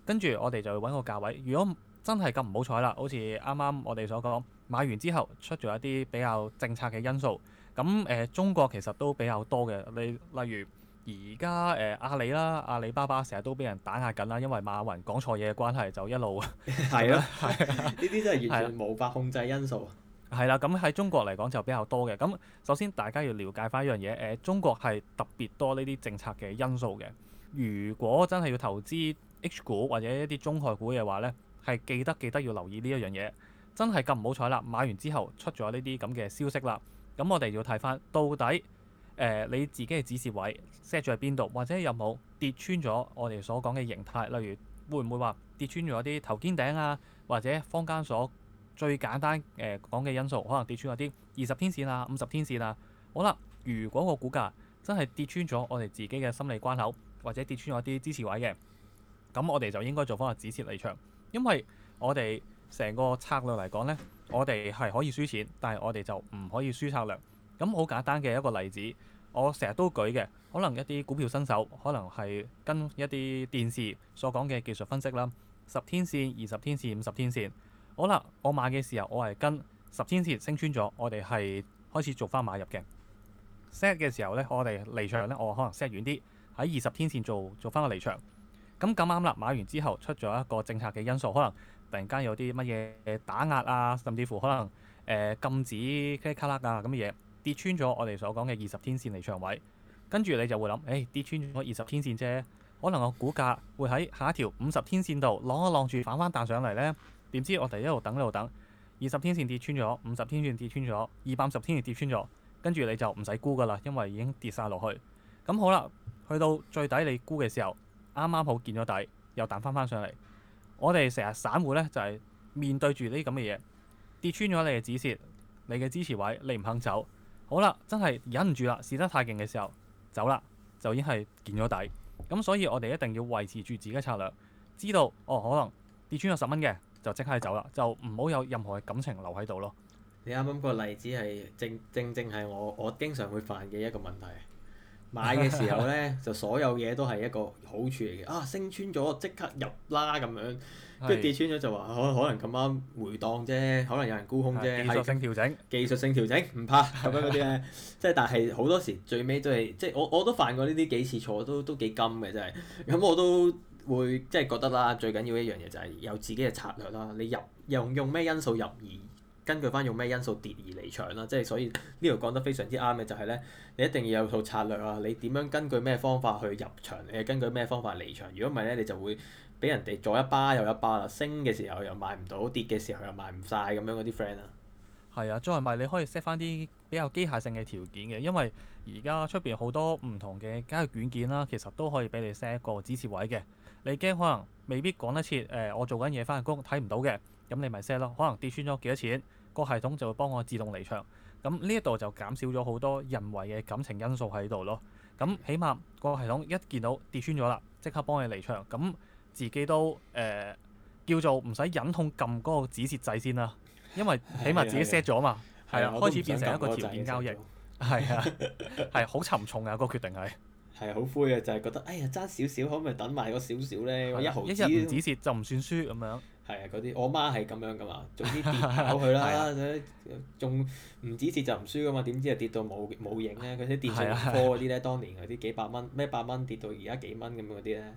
跟住、嗯、我哋就要揾個價位，如果真係咁唔好彩啦！好似啱啱我哋所講，買完之後出咗一啲比較政策嘅因素。咁誒、呃，中國其實都比較多嘅。你例如而家誒阿里啦，阿里巴巴成日都俾人打壓緊啦，因為馬雲講錯嘢嘅關係，就一路係啦。呢啲都係完全無法控制因素。係啦、啊，咁喺、啊、中國嚟講就比較多嘅。咁首先大家要了解翻一樣嘢，誒、呃、中國係特別多呢啲政策嘅因素嘅。如果真係要投資 H 股或者一啲中概股嘅話咧。係記得記得要留意呢一樣嘢。真係咁唔好彩啦！買完之後出咗呢啲咁嘅消息啦，咁我哋要睇翻到底誒、呃、你自己嘅止蝕位 set 咗喺邊度，或者有冇跌穿咗我哋所講嘅形態，例如會唔會話跌穿咗啲頭肩頂啊，或者坊間所最簡單誒講嘅因素，可能跌穿咗啲二十天線啊、五十天線啊。好啦，如果個股價真係跌穿咗我哋自己嘅心理關口，或者跌穿咗啲支持位嘅，咁我哋就應該做翻個止蝕離場。因為我哋成個策略嚟講呢，我哋係可以輸錢，但係我哋就唔可以輸策略。咁好簡單嘅一個例子，我成日都舉嘅，可能一啲股票新手，可能係跟一啲電視所講嘅技術分析啦，十天線、二十天線、五十天線。好啦，我買嘅時候我係跟十天線升穿咗，我哋係開始做翻買入嘅。set 嘅時候呢，我哋離場呢，我可能 set 遠啲，喺二十天線做做翻個離場。咁咁啱啦，買完之後出咗一個政策嘅因素，可能突然間有啲乜嘢打壓啊，甚至乎可能誒、呃、禁止嘰卡喀喇啊咁嘅嘢，跌穿咗我哋所講嘅二十天線離場位，跟住你就會諗，誒、欸、跌穿咗二十天線啫，可能個股價會喺下一條五十天線度攞一攞住反翻彈上嚟呢？點知我哋一路等一路等，二十天線跌穿咗，五十天線跌穿咗，二百五十天線跌穿咗，跟住你就唔使估㗎啦，因為已經跌晒落去。咁、嗯、好啦，去到最底你估嘅時候。啱啱好見咗底，又彈翻翻上嚟。我哋成日散戶呢，就係、是、面對住呢啲咁嘅嘢，跌穿咗你嘅止蝕、你嘅支持位，你唔肯走。好啦，真係忍唔住啦，試得太勁嘅時候走啦，就已經係見咗底。咁所以我哋一定要維持住自己嘅策略，知道哦，可能跌穿咗十蚊嘅，就即刻走啦，就唔好有任何嘅感情留喺度咯。你啱啱個例子係正，正正正係我我經常會犯嘅一個問題。買嘅時候咧，就所有嘢都係一個好處嚟嘅。啊，升穿咗即刻入啦咁樣，跟住是跌穿咗就話可、啊、可能咁啱回檔啫，可能有人沽空啫。是技術性調整。技術性調整唔怕咁樣嗰啲咧，即係但係好多時最尾都係即係我我都犯過呢啲幾次錯，都都幾甘嘅真係。咁我都會即係覺得啦，最緊要一樣嘢就係有自己嘅策略啦。你入用用咩因素入而？根據翻用咩因素跌而離場啦，即係所以呢度講得非常之啱嘅就係咧，你一定要有套策略啊，你點樣根據咩方法去入場，誒根據咩方法離場，如果唔係咧你就會俾人哋左一巴右一巴啦，升嘅時候又買唔到，跌嘅時候又買唔晒。咁樣嗰啲 friend 啊。係啊，再唔係你可以 set 翻啲比較機械性嘅條件嘅，因為而家出邊好多唔同嘅交易軟件啦，其實都可以俾你 set 一個止蝕位嘅。你驚可能未必講得切，誒、呃、我做緊嘢翻緊工睇唔到嘅，咁你咪 set 咯，可能跌穿咗幾多錢？個系統就會幫我自動離場，咁呢一度就減少咗好多人為嘅感情因素喺度咯。咁起碼個系統一見到跌穿咗啦，即刻幫你離場，咁自己都誒、呃、叫做唔使忍痛撳嗰個止蝕掣先啦，因為起碼自己 set 咗嘛，係啊，開始變成一個條件交易，係啊，係好的 <laughs> 沉重嘅、嗰個決定係，係好灰啊，就係、係、覺得哎呀爭少少，可唔可以等埋嗰少少咧？一毫一日唔止蝕就唔算輸咁樣。係啊，嗰啲我媽係咁樣噶嘛，總之跌落去啦，仲唔 <laughs> 是的 止跌就唔輸噶嘛，點知就跌到冇冇影咧？嗰啲跌上嚟破嗰啲咧，是的 當年嗰啲幾百蚊、咩百蚊跌到而家幾蚊咁嗰啲咧，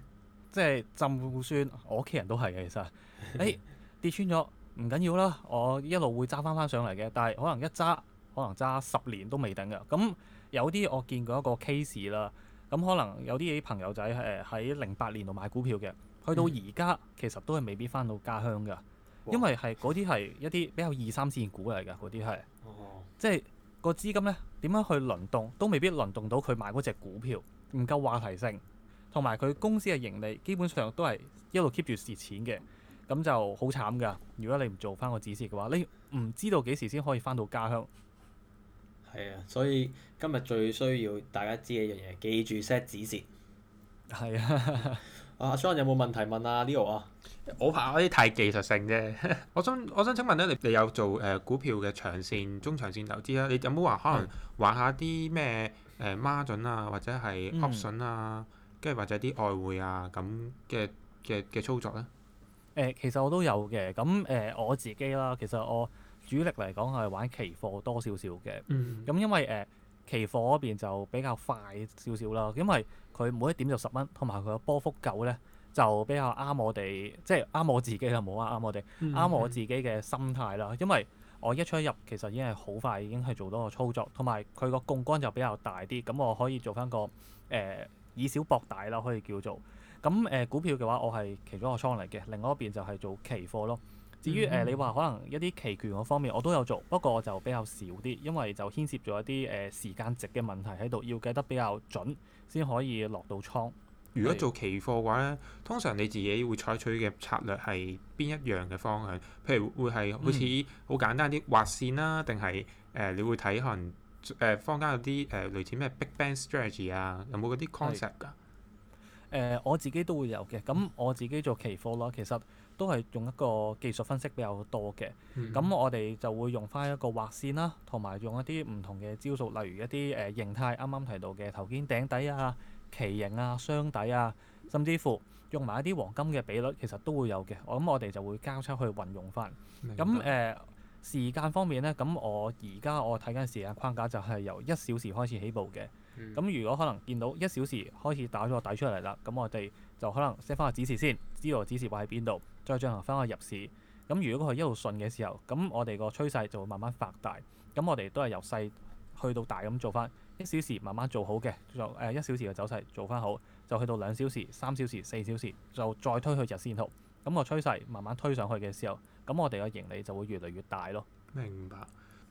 即係浸股酸。我屋企人都係嘅，其實誒、哎、跌穿咗唔緊要啦，我一路會揸翻翻上嚟嘅，但係可能一揸可能揸十年都未定嘅。咁有啲我見過一個 case 啦，咁可能有啲朋友仔誒喺零八年度買股票嘅。去到而家，其實都係未必翻到家鄉嘅，因為係嗰啲係一啲比較二三線股嚟嘅，嗰啲係，即係個資金呢點樣去輪動，都未必輪動到佢買嗰隻股票，唔夠話題性，同埋佢公司嘅盈利基本上都係一路 keep 住蝕錢嘅，咁就好慘噶。如果你唔做翻個指示嘅話，你唔知道幾時先可以翻到家鄉。係啊，所以今日最需要大家知嘅一樣嘢，記住 set 指示。係是啊。 <laughs> 啊 John 有冇問題問啊，Leo 啊？我怕啲太技術性啫。 <laughs> 我想我想請問咧，你你有做誒、呃、股票嘅長線、中長線投資咧？你有冇話可能玩下啲咩誒孖展啊，或者係 option 啊，跟住或者啲外匯啊咁嘅嘅嘅操作咧？誒，其實我都有嘅。咁誒、呃，我自己啦，其實我主力嚟講係玩期貨多少少嘅。嗯。咁因為誒、呃、期貨嗰邊就比較快少少啦，因為佢每一點就十蚊，同埋佢個波幅夠咧，就比較啱我哋，即係啱我自己就冇話，啱我哋啱、嗯、我自己嘅心態啦。因為我一出一入其實已經係好快，已經係做到個操作，同埋佢個槓杆就比較大啲，咁我可以做翻個誒、呃、以小博大啦，可以叫做咁誒、呃、股票嘅話，我係其中一個倉嚟嘅，另外一邊就係做期貨咯。至於誒、呃嗯、你話可能一啲期權嘅方面，我都有做，不過就比較少啲，因為就牽涉咗一啲誒時間值嘅問題喺度，要計得比較準。先可以落到倉。如果做期貨嘅話咧，通常你自己會採取嘅策略係邊一樣嘅方向？譬如會係好似好簡單啲畫、嗯、線啦、啊，定係誒你會睇可能誒、呃、坊間有啲誒、呃、類似咩 Big Bang Strategy 啊，有冇嗰啲 concept 㗎？誒、嗯呃、我自己都會有嘅，咁我自己做期貨咯，其實。都係用一個技術分析比較多嘅，咁、嗯、我哋就會用翻一個畫線啦、啊，同埋用一啲唔同嘅招數，例如一啲誒、呃、形態，啱啱提到嘅頭肩頂底啊、旗形啊、雙底啊，甚至乎用埋一啲黃金嘅比率，其實都會有嘅。我諗我哋就會交叉去運用翻。咁誒白、呃、時間方面咧，咁我而家我睇緊時間框架就係由一小時開始起步嘅。咁、嗯、如果可能見到一小時開始打咗個底出嚟啦，咁我哋就可能 set 翻個指示先，知道指示喺邊度。再進行翻個入市，咁如果佢一路順嘅時候，咁我哋個趨勢就會慢慢發大，咁我哋都係由細去到大咁做翻一小時慢慢做好嘅，就誒一小時嘅走勢做翻好，就去到兩小時、三小時、四小時就再推去日線圖，咁、那個趨勢慢慢推上去嘅時候，咁我哋嘅盈利就會越嚟越大咯。明白，誒、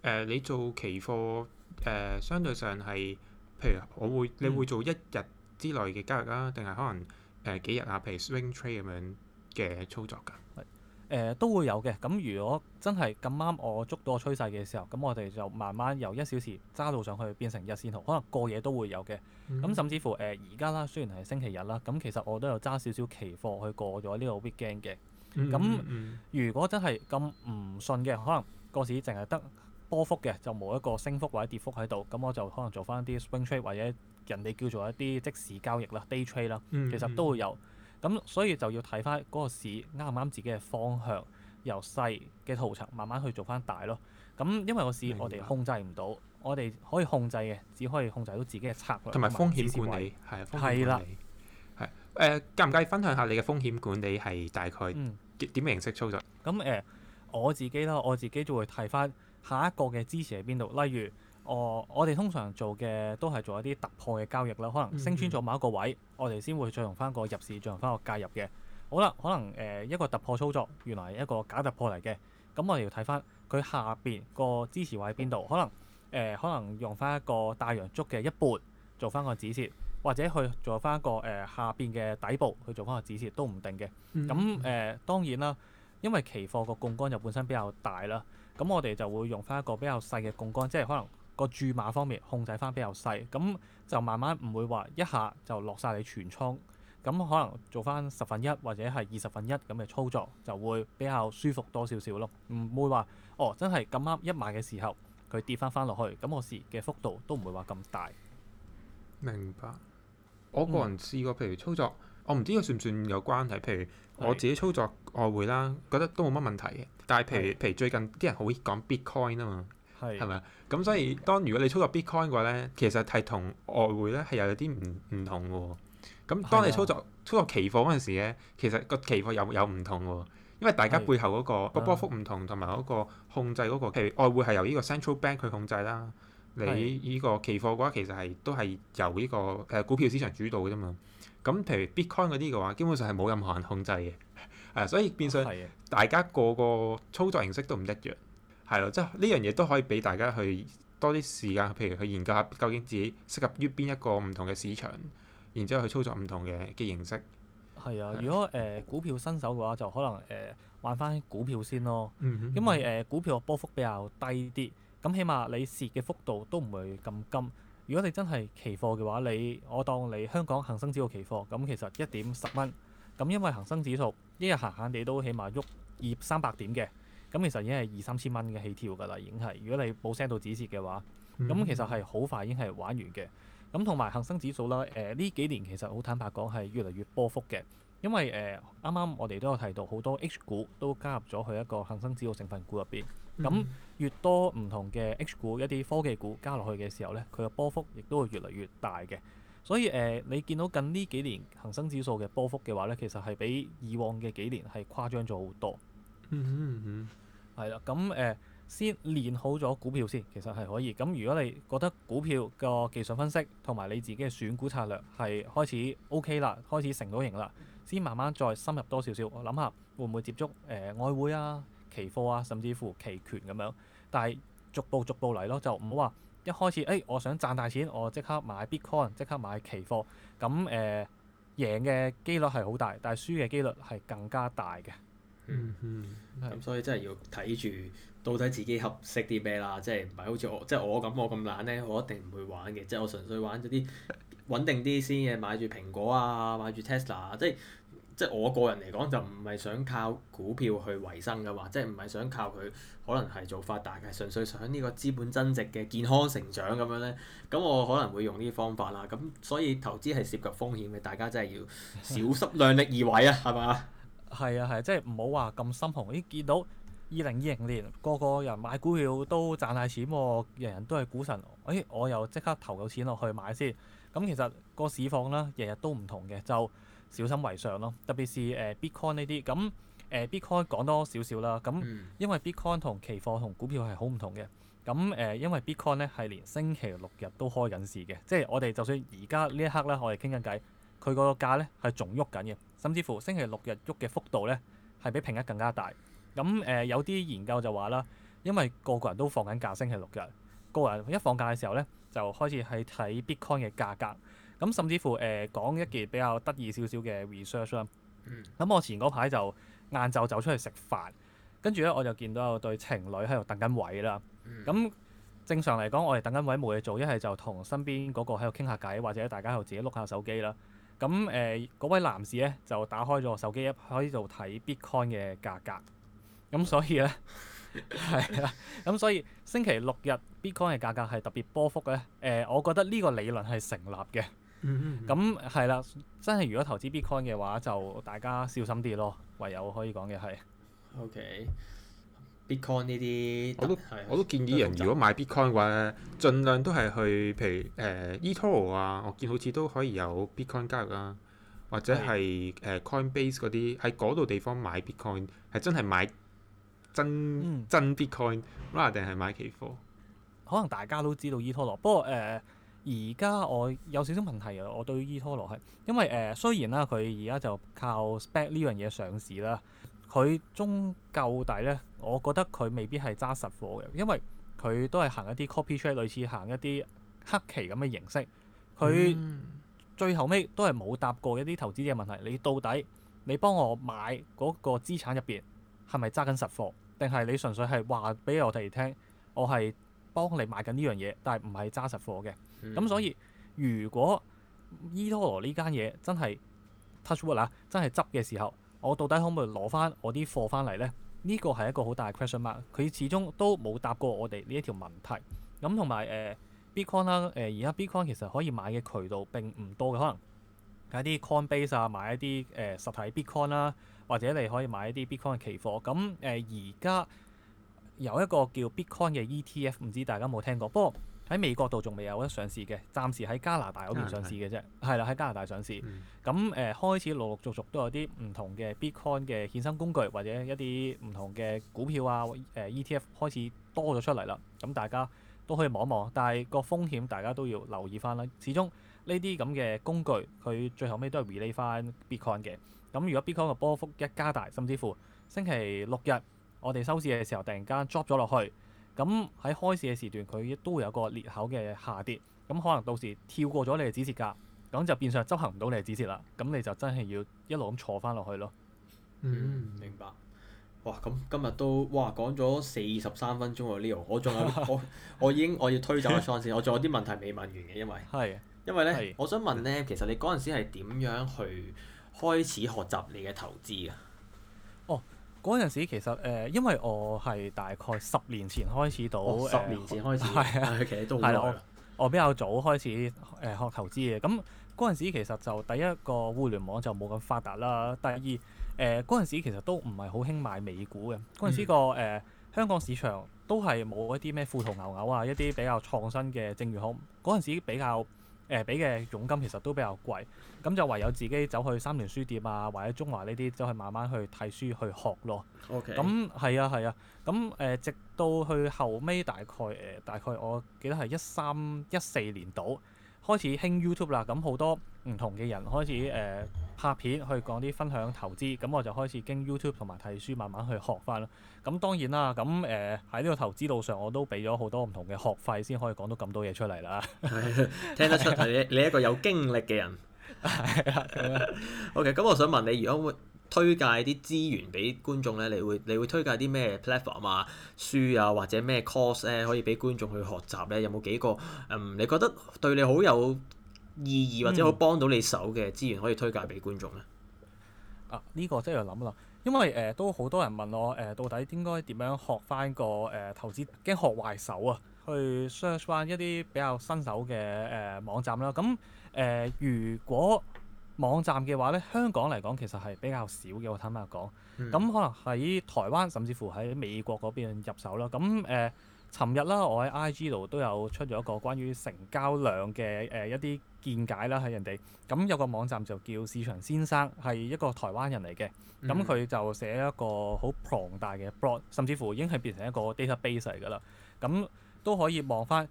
呃、你做期貨誒、呃、相對上係，譬如我會你會做一日之內嘅交易啦，定係、嗯、可能誒、呃、幾日啊？譬如 swing trade 咁樣。嘅操作㗎、啊，誒、嗯嗯、都會有嘅。咁如果真係咁啱我捉到個趨勢嘅時候，咁我哋就慢慢由一小時揸到上去變成日線圖，可能過夜都會有嘅。咁、嗯嗯、甚至乎誒而家啦，雖然係星期日啦，咁其實我都有揸少少期貨去過咗呢個 weekend 嘅。咁如果真係咁唔信嘅，可能個市淨係得波幅嘅，就冇一個升幅或者跌幅喺度，咁我就可能做翻啲 swing trade 或者人哋叫做一啲即時交易啦，day trade 啦，嗯、其實都會有。咁、嗯、所以就要睇翻嗰個市啱唔啱自己嘅方向，由細嘅圖層慢慢去做翻大咯。咁因為個市我哋控制唔到，的我哋可以控制嘅只可以控制到自己嘅策略同埋風險管理係。係啦，係誒介唔介意分享下你嘅風險管理係的、呃、大概？嗯，點形式操作？咁誒我自己啦，我自己就會睇翻下一個嘅支持喺邊度，例如。哦、我我哋通常做嘅都係做一啲突破嘅交易啦，可能升穿咗某一個位，嗯嗯我哋先會再用翻個入市，再用翻個介入嘅。好啦，可能誒、呃、一個突破操作原來係一個假突破嚟嘅，咁我哋要睇翻佢下邊個支持位喺邊度，可能誒可能用翻一個大陽燭嘅一半做翻個止蝕，或者去做翻一個、呃、下邊嘅底部去做翻個止蝕都唔定嘅。咁誒、嗯嗯呃、當然啦，因為期貨個槓桿就本身比較大啦，咁我哋就會用翻一個比較細嘅槓桿，即係可能。個注碼方面控制翻比較細，咁就慢慢唔會話一下就落晒你全倉，咁可能做翻十分一或者係二十分一咁嘅操作就會比較舒服多少少咯，唔會話哦真係咁啱一買嘅時候佢跌翻翻落去，咁我時嘅幅度都唔會話咁大。明白，我個人試過，譬如操作，嗯、我唔知佢算唔算有關係，譬如我自己操作外匯啦，覺得都冇乜問題嘅。但係譬如、嗯、譬如最近啲人好講 Bitcoin 啊嘛。係，係咪啊？咁所以當如果你操作 Bitcoin 嘅話咧，其實係同外匯咧係有啲唔唔同喎。咁當你操作的操作期貨嗰陣時咧，其實個期貨有有唔同喎，因為大家背後嗰、那個的個波幅唔同，同埋嗰個控制嗰、那個，譬如外匯係由呢個 central bank 去控制啦。的你呢個期貨嘅話，其實係都係由呢、這個誒、呃、股票市場主導嘅啫嘛。咁譬如 Bitcoin 嗰啲嘅話，基本上係冇任何人控制嘅。係啊，所以變相的大家個個操作形式都唔一樣。係咯，即係呢樣嘢都可以俾大家去多啲時間，譬如去研究下究竟自己適合於邊一個唔同嘅市場，然之後去操作唔同嘅嘅形式。係啊的，的如果誒、呃、股票新手嘅話，就可能誒、呃、玩翻股票先咯，嗯嗯嗯因為誒、呃、股票波幅比較低啲，咁起碼你蝕嘅幅度都唔會咁甘。如果你真係期貨嘅話，你我當你香港恒生指數期貨，咁其實一點十蚊，咁因為恒生指數一日閒閒地都起碼喐二三百點嘅。咁其實已經係二三千蚊嘅起跳㗎啦，已經係。如果你冇 send 到止蝕嘅話，咁、嗯、其實係好快已經係玩完嘅。咁同埋恒生指數啦，誒、呃、呢幾年其實好坦白講係越嚟越波幅嘅，因為誒啱啱我哋都有提到好多 H 股都加入咗去一個恒生指數成分股入邊。咁、嗯、越多唔同嘅 H 股、一啲科技股加落去嘅時候咧，佢嘅波幅亦都會越嚟越大嘅。所以誒、呃，你見到近呢幾年恒生指數嘅波幅嘅話咧，其實係比以往嘅幾年係誇張咗好多。嗯哼哼、嗯，係啦，咁誒先練好咗股票先，其實係可以。咁如果你覺得股票個技術分析同埋你自己嘅選股策略係開始 OK 啦，開始成到型啦，先慢慢再深入多少少。我諗下會唔會接觸誒外匯啊、期貨啊，甚至乎期權咁樣。但係逐步逐步嚟咯，就唔好話一開始誒、哎、我想賺大錢，我即刻買 Bitcoin，即刻買期貨。咁誒、呃、贏嘅機率係好大，但係輸嘅機率係更加大嘅。嗯嗯，咁、嗯嗯嗯、所以真係要睇住到底自己合適啲咩啦，即係唔係好似我即係、就是、我咁我咁懶咧，我一定唔會玩嘅，即、就、係、是、我純粹玩咗啲穩定啲先嘅買住蘋果啊，買住 Tesla 啊、就是，即係即係我個人嚟講就唔係想靠股票去維生嘅話，即係唔係想靠佢可能係做發達嘅，純粹想呢個資本增值嘅健康成長咁樣咧，咁我可能會用呢啲方法啦。咁所以投資係涉及風險嘅，大家真係要小心量力而為啊，係咪？係啊，係、啊，即係唔好話咁心紅。咦、哎，見到二零二零年個個人買股票都賺曬錢、啊，人人都係股神。哎，我又即刻投咗錢落去買先。咁、嗯、其實個市況啦，日日都唔同嘅，就小心為上咯。特別是誒、呃、Bitcoin 呢啲，咁、嗯、誒、呃、Bitcoin 講多少少啦。咁、嗯嗯、因為 Bitcoin 同期貨同股票係好唔同嘅。咁、嗯、誒、呃，因為 Bitcoin 咧係連星期六日都開緊市嘅，即係我哋就算而家呢一刻咧，我哋傾緊偈，佢個價咧係仲喐緊嘅。甚至乎星期六日喐嘅幅度咧，係比平日更加大。咁、嗯、誒、呃、有啲研究就話啦，因為個個人都放緊假，星期六日，個人一放假嘅時候咧，就開始係睇 Bitcoin 嘅價格。咁、嗯、甚至乎誒、呃、講一件比較得意少少嘅 research 啦。咁、嗯嗯、我前嗰排就晏晝走出去食飯，跟住咧我就見到有對情侶喺度等緊位啦。咁、嗯嗯、正常嚟講，我哋等緊位冇嘢做，一係就同身邊嗰個喺度傾下偈，或者大家喺度自己碌下手機啦。咁誒嗰位男士咧就打開咗手機，喺度睇 Bitcoin 嘅價格。咁所以咧係啦，咁、 <laughs> <laughs> 啊、所以星期六日 Bitcoin 嘅價格係特別波幅咧。誒、呃，我覺得呢個理論係成立嘅。嗯嗯。咁係啦，真係如果投資 Bitcoin 嘅話，就大家小心啲咯。唯有可以講嘅係。Okay. Bitcoin 呢啲，我都對我都建議人如果買 Bitcoin 嘅話咧，對盡量都係去譬如誒、呃、Etoro 啊，我見好似都可以有 Bitcoin 加入啊，或者係誒 Coinbase 嗰啲喺嗰度地方買 Bitcoin 係真係買真、嗯、真 Bitcoin，定係買期貨。可能大家都知道 Etoro，不過誒而家我有少少問題啊，我對 Etoro 係因為誒、呃、雖然啦佢而家就靠 Spec 呢樣嘢上市啦。佢終究底呢，我覺得佢未必係揸實貨嘅，因為佢都係行一啲 copy trade，類似行一啲黑期咁嘅形式。佢最後尾都係冇答過一啲投資者問題。你到底你幫我買嗰個資產入邊係咪揸緊實貨，定係你純粹係話俾我哋聽，我係幫你買緊呢樣嘢，但係唔係揸實貨嘅。咁、嗯、所以如果伊托羅呢間嘢真係 touch wood 啦，真係執嘅時候。我到底可唔可以攞翻我啲貨翻嚟咧？呢、這個係一個好大嘅 question mark。佢始終都冇答過我哋呢一條問題。咁同埋誒 Bitcoin 啦、呃，誒而家 Bitcoin 其實可以買嘅渠道並唔多嘅，可能喺啲 Coinbase 啊買一啲誒、呃、實體 Bitcoin 啦、啊，或者你可以買一啲 Bitcoin 嘅期貨。咁誒而家有一個叫 Bitcoin 嘅 ETF，唔知大家有冇聽過？不過喺美國度仲未有得上市嘅，暫時喺加拿大嗰邊上市嘅啫，係啦，喺加拿大上市。咁誒、嗯呃、開始陸,陸陸續續都有啲唔同嘅 Bitcoin 嘅衍生工具或者一啲唔同嘅股票啊，誒、呃、ETF 開始多咗出嚟啦。咁大家都可以望一望，但係個風險大家都要留意翻啦。始終呢啲咁嘅工具，佢最後尾都係 relay 翻 Bitcoin 嘅。咁如果 Bitcoin 嘅波幅一加大，甚至乎星期六日我哋收市嘅時候突然間 drop 咗落去。咁喺開市嘅時段，佢亦都會有個裂口嘅下跌，咁可能到時跳過咗你嘅止蝕格，咁就變相執行唔到你嘅止蝕啦。咁你就真係要一路咁坐翻落去咯。嗯，明白。哇，咁今日都哇講咗四十三分鐘喎，Leo。我仲有我我已經我要推走個窗先， <laughs> 我仲有啲問題未問完嘅，因為係 <laughs> 因為咧，的我想問咧，其實你嗰陣時係點樣去開始學習你嘅投資啊？嗰陣時其實誒、呃，因為我係大概十年前開始到、哦呃、十年前開始係啊， <laughs> 其實都 <laughs> 我比較早開始誒學、呃、投資嘅。咁嗰陣時其實就第一個互聯網就冇咁發達啦，第二誒嗰陣時其實都唔係好興買美股嘅。嗰陣時、嗰個誒、嗯呃、香港市場都係冇一啲咩富途牛牛啊，一啲比較創新嘅證券行，嗰陣時比較誒俾嘅佣金其實都比較貴，咁就唯有自己走去三聯書店啊，或者中華呢啲走去慢慢去睇書去學咯。OK，咁係啊係啊，咁誒、啊呃、直到去後尾大概誒、呃、大概我記得係一三一四年度開始興 YouTube 啦，咁好多。唔同嘅人開始誒、呃、拍片去講啲分享投資，咁我就開始經 YouTube 同埋睇書慢慢去學翻咯。咁當然啦，咁誒喺呢個投資路上，我都俾咗好多唔同嘅學費先可以講到咁多嘢出嚟啦。係 <laughs> 聽得出係 <laughs> 你你一個有經歷嘅人。 <laughs> OK，咁我想問你，如果會推介啲資源俾觀眾咧，你會你會推介啲咩 platform 啊、書啊或者咩 course 咧，可以俾觀眾去學習咧？有冇幾個嗯、呃、你覺得對你好有意義或者可以幫到你手嘅資源可以推介俾觀眾咧？呢、啊呢個真係要諗一諗，因為誒、呃、都好多人問我誒、呃，到底應該點樣學翻個誒、呃、投資？驚學壞手啊！去 search 翻一啲比較新手嘅誒、呃、網站啦。咁誒、呃，如果網站嘅話呢，香港嚟講其實係比較少嘅。我坦白講，咁、嗯、可能喺台灣甚至乎喺美國嗰邊入手咯。咁誒，尋、呃、日啦，我喺 IG 度都有出咗一個關於成交量嘅誒、呃、一啲。見解啦，喺人哋咁有個網站就叫市場先生，係一個台灣人嚟嘅，咁佢、嗯、就寫一個好龐大嘅 blog，甚至乎已經係變成一個 database 嚟㗎啦。咁都可以望翻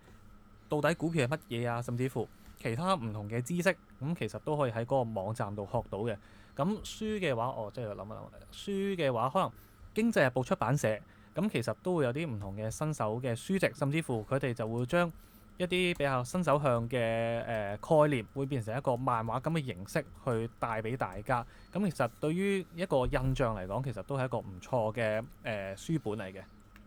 到底股票係乜嘢啊，甚至乎其他唔同嘅知識，咁其實都可以喺嗰個網站度學到嘅。咁書嘅話，哦，即係諗一諗，書嘅話可能經濟日報出版社，咁其實都會有啲唔同嘅新手嘅書籍，甚至乎佢哋就會將一啲比較新手向嘅誒概念，會變成一個漫畫咁嘅形式去帶俾大家。咁其實對於一個印象嚟講，其實都係一個唔錯嘅誒書本嚟嘅。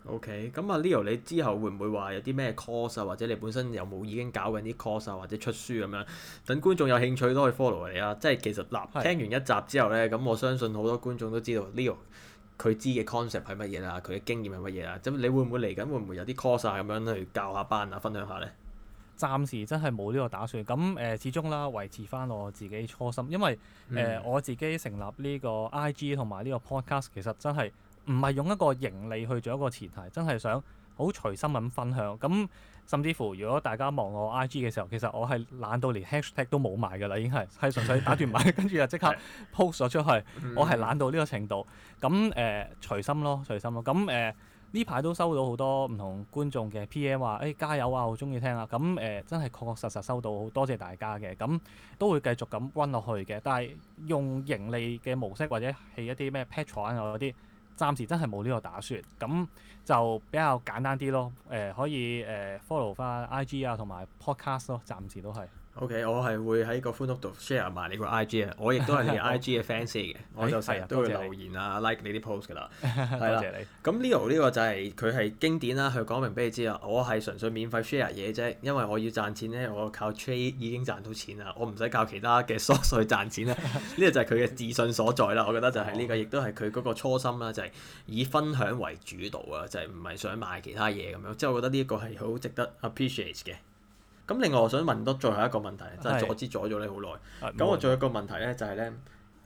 Okay, OK，咁阿 Leo，你之後會唔會話有啲咩 course 啊？或者你本身有冇已經搞緊啲 course 啊？或者出書咁樣，等觀眾有興趣都可以 follow 你啊。即係其實嗱，是的 聽完一集之後咧，咁我相信好多觀眾都知道 Leo 佢知嘅 concept 係乜嘢啦，佢嘅經驗係乜嘢啦。咁你會唔會嚟緊會唔會有啲 course 啊？咁樣去教下班啊，分享下咧？暫時真係冇呢個打算，咁誒、呃、始終啦維持翻我自己初心，因為誒、嗯呃、我自己成立呢個 IG 同埋呢個 podcast 其實真係唔係用一個盈利去做一個前提，真係想好隨心咁分享。咁甚至乎如果大家望我 IG 嘅時候，其實我係懶到連 hashtag 都冇埋㗎啦，已經係係純粹打斷埋， <laughs> 跟住就即刻 post 咗出去。嗯、我係懶到呢個程度，咁誒、呃、隨心咯，隨心咯，咁、嗯、誒。呃呢排都收到好多唔同觀眾嘅 PM 話，誒、哎、加油啊，好中意聽啊，咁誒、呃、真係確確實實收到好多謝、謝大家嘅，咁都會繼續咁温落去嘅，但係用盈利嘅模式或者係一啲咩 Patreon 啊嗰啲，暫時真係冇呢個打算，咁就比較簡單啲咯，誒、呃、可以誒、呃、follow 翻 IG 啊同埋 podcast 咯，暫時都係。OK，我係會喺個 Facebook 度 share 埋你個 IG 啊，我亦都係你 IG 嘅 fans 嘅，我就成日都會留言啊 <laughs> like 你啲 post 噶啦，多謝你。咁 Leo 呢個就係佢係經典啦，佢講明俾你知啊，我係純粹免費 share 嘢啫，因為我要賺錢咧，我靠 trade 已經賺到錢啦，我唔使靠其他嘅 source 去賺錢啦，呢 <laughs> <laughs> 個就係佢嘅自信所在啦，我覺得就係呢、這個，亦都係佢嗰個初心啦，就係、是、以分享為主導啊，就係唔係想賣其他嘢咁樣，即、就、係、是、我覺得呢一個係好值得 appreciate 嘅。咁另外我想問多最後一個問題，真係阻止阻咗你好耐。咁是我最後一個問題咧就係咧，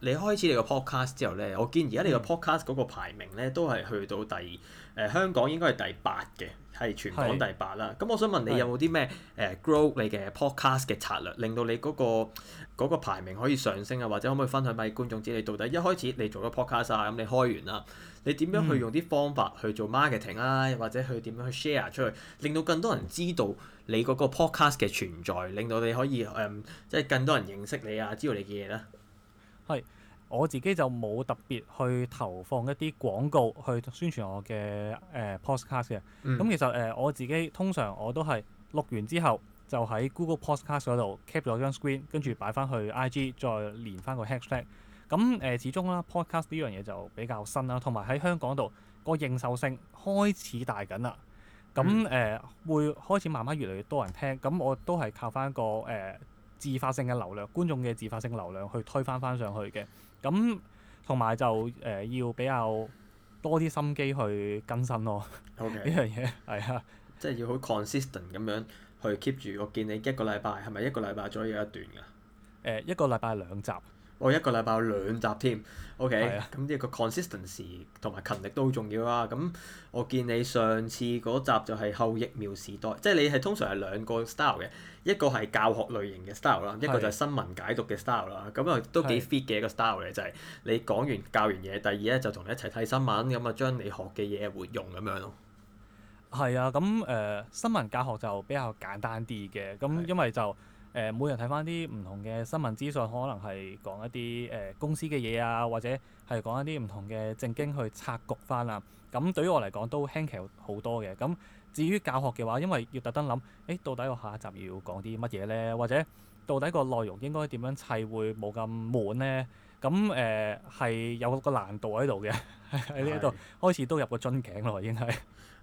你開始你個 podcast 之後咧，我見而家你個 podcast 嗰個排名咧都係去到第誒、嗯呃、香港應該係第八嘅，係全港第八啦。咁是我想問你有冇啲咩誒 grow 你嘅 podcast 嘅策略，令到你嗰個嗰個排名可以上升啊？或者可唔可以分享俾觀眾知，你到底一開始你做咗 podcast 啊？咁你開完啦，你點樣去用啲方法去做 marketing 啊？又、嗯、或者去點樣去 share 出去，令到更多人知道？你嗰個 podcast 嘅存在，令到你可以誒、呃，即係更多人認識你啊，知道你嘅嘢啦。係，我自己就冇特別去投放一啲廣告去宣傳我嘅誒 podcast 嘅。咁、呃嗯嗯、其實誒、呃，我自己通常我都係錄完之後，就喺 Google podcast 度 cap 咗張 screen，跟住擺翻去 IG，再連翻個 hashtag。咁、嗯、誒、呃，始終啦，podcast 呢樣嘢就比較新啦、啊，同埋喺香港度個認受性開始大緊啦。咁誒、呃、會開始慢慢越嚟越多人聽，咁我都係靠翻一個誒、呃、自發性嘅流量，觀眾嘅自發性流量去推翻翻上去嘅。咁同埋就誒、呃、要比較多啲心機去更新咯、哦，呢樣嘢係啊，即係要好 consistent 咁樣去 keep 住。我見你一個禮拜係咪一個禮拜左右有一段㗎？誒、呃、一個禮拜兩集。我、哦、一個禮拜有兩集添，OK，咁呢是的 個 consistency 同埋勤力都好重要啊。咁我見你上次嗰集就係後疫苗時代，即係你係通常係兩個 style 嘅，一個係教學類型嘅 style 啦，一個就係新聞解讀嘅 style 啦。咁啊都幾 fit 嘅一個 style 嚟，就係你講完教完嘢，第二咧就同你一齊睇新聞，咁啊將你學嘅嘢活用咁樣咯。係啊，咁誒、呃、新聞教學就比較簡單啲嘅，咁因為就。誒、呃、每日睇翻啲唔同嘅新聞資訊，可能係講一啲誒、呃、公司嘅嘢啊，或者係講一啲唔同嘅政經去拆局翻啊。咁對於我嚟講都輕巧好多嘅。咁至於教學嘅話，因為要特登諗，誒、欸、到底我下一集要講啲乜嘢咧，或者到底個內容應該點樣砌會冇咁悶咧？咁誒係有個難度喺度嘅喺呢一度， <laughs> 開始都入個樽頸咯，已經係。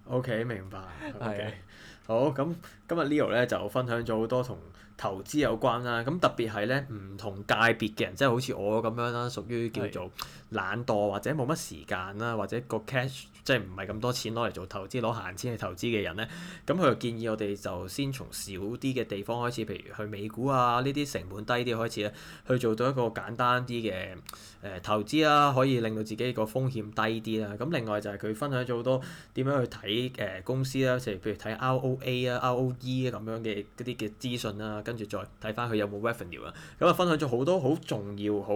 O、okay, K 明白。係、okay.。 <laughs> 好，咁今日 Leo 咧，就分享咗好多同投資有關啦，咁特別係咧唔同界別嘅人，即係好似我咁樣啦，屬於叫做懶惰或者冇乜時間啦，或者，或者個 cash 即係唔係咁多錢攞嚟做投資，攞閒錢去投資嘅人咧，咁佢就建議我哋就先從少啲嘅地方開始，譬如去美股啊呢啲成本低啲開始咧，去做到一個簡單啲嘅誒投資啦、啊，可以令到自己個風險低啲啦。咁另外就係佢分享咗好多點樣去睇誒、呃、公司啦、啊，即係譬如睇 RO A 啊、ROE 啊咁樣嘅嗰啲嘅資訊啦，跟住再睇翻佢有冇 Revenue 啊，咁啊分享咗好多好重要、好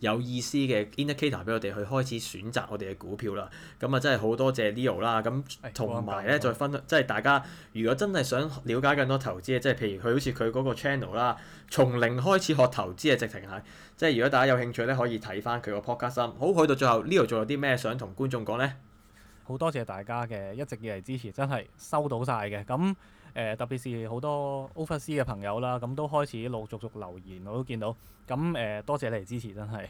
有意思嘅 indicator 俾我哋去開始選擇我哋嘅股票啦。咁啊真係好多謝 Leo 啦，咁同埋咧再分享，即係大家如果真係想了解更多投資嘅，即係譬如佢好似佢嗰個 channel 啦，從零開始學投資嘅直情係。即係如果大家有興趣咧，可以睇翻佢個 podcast。好，去到最後，Leo 仲有啲咩想同觀眾講咧？好多謝大家嘅一直以嚟支持，真係收到晒嘅。咁誒、呃、特別是好多 Overseas 嘅朋友啦，咁都開始陸續續留言，我都見到。咁誒、呃、多謝你嚟支持，真係。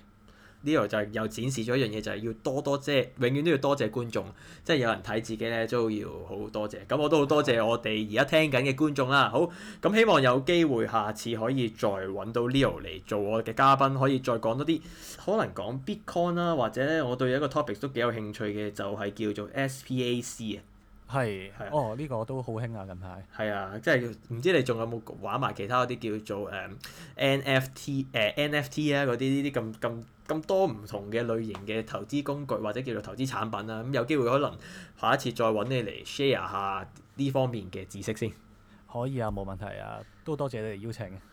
Leo 就係又展示咗一樣嘢，就係、是、要多多即係永遠都要多謝觀眾，即係有人睇自己咧都要好多謝。咁我都好多謝我哋而家聽緊嘅觀眾啦、啊。好，咁希望有機會下次可以再揾到 Leo 嚟做我嘅嘉賓，可以再講多啲，可能講 Bitcoin 啦、啊，或者咧我對一個 topic 都幾有興趣嘅，就係、是、叫做 SPAC 是啊。係係哦，呢、這個都好興啊，近排。係啊，即係唔知你仲有冇玩埋其他嗰啲叫做誒、uh, NFT 誒、uh, NFT 啊嗰啲呢啲咁咁。咁多唔同嘅類型嘅投資工具或者叫做投資產品啦、啊，咁、嗯、有機會可能下一次再揾你嚟 share 下呢方面嘅知識先。可以啊，冇問題啊，都多謝你哋邀請。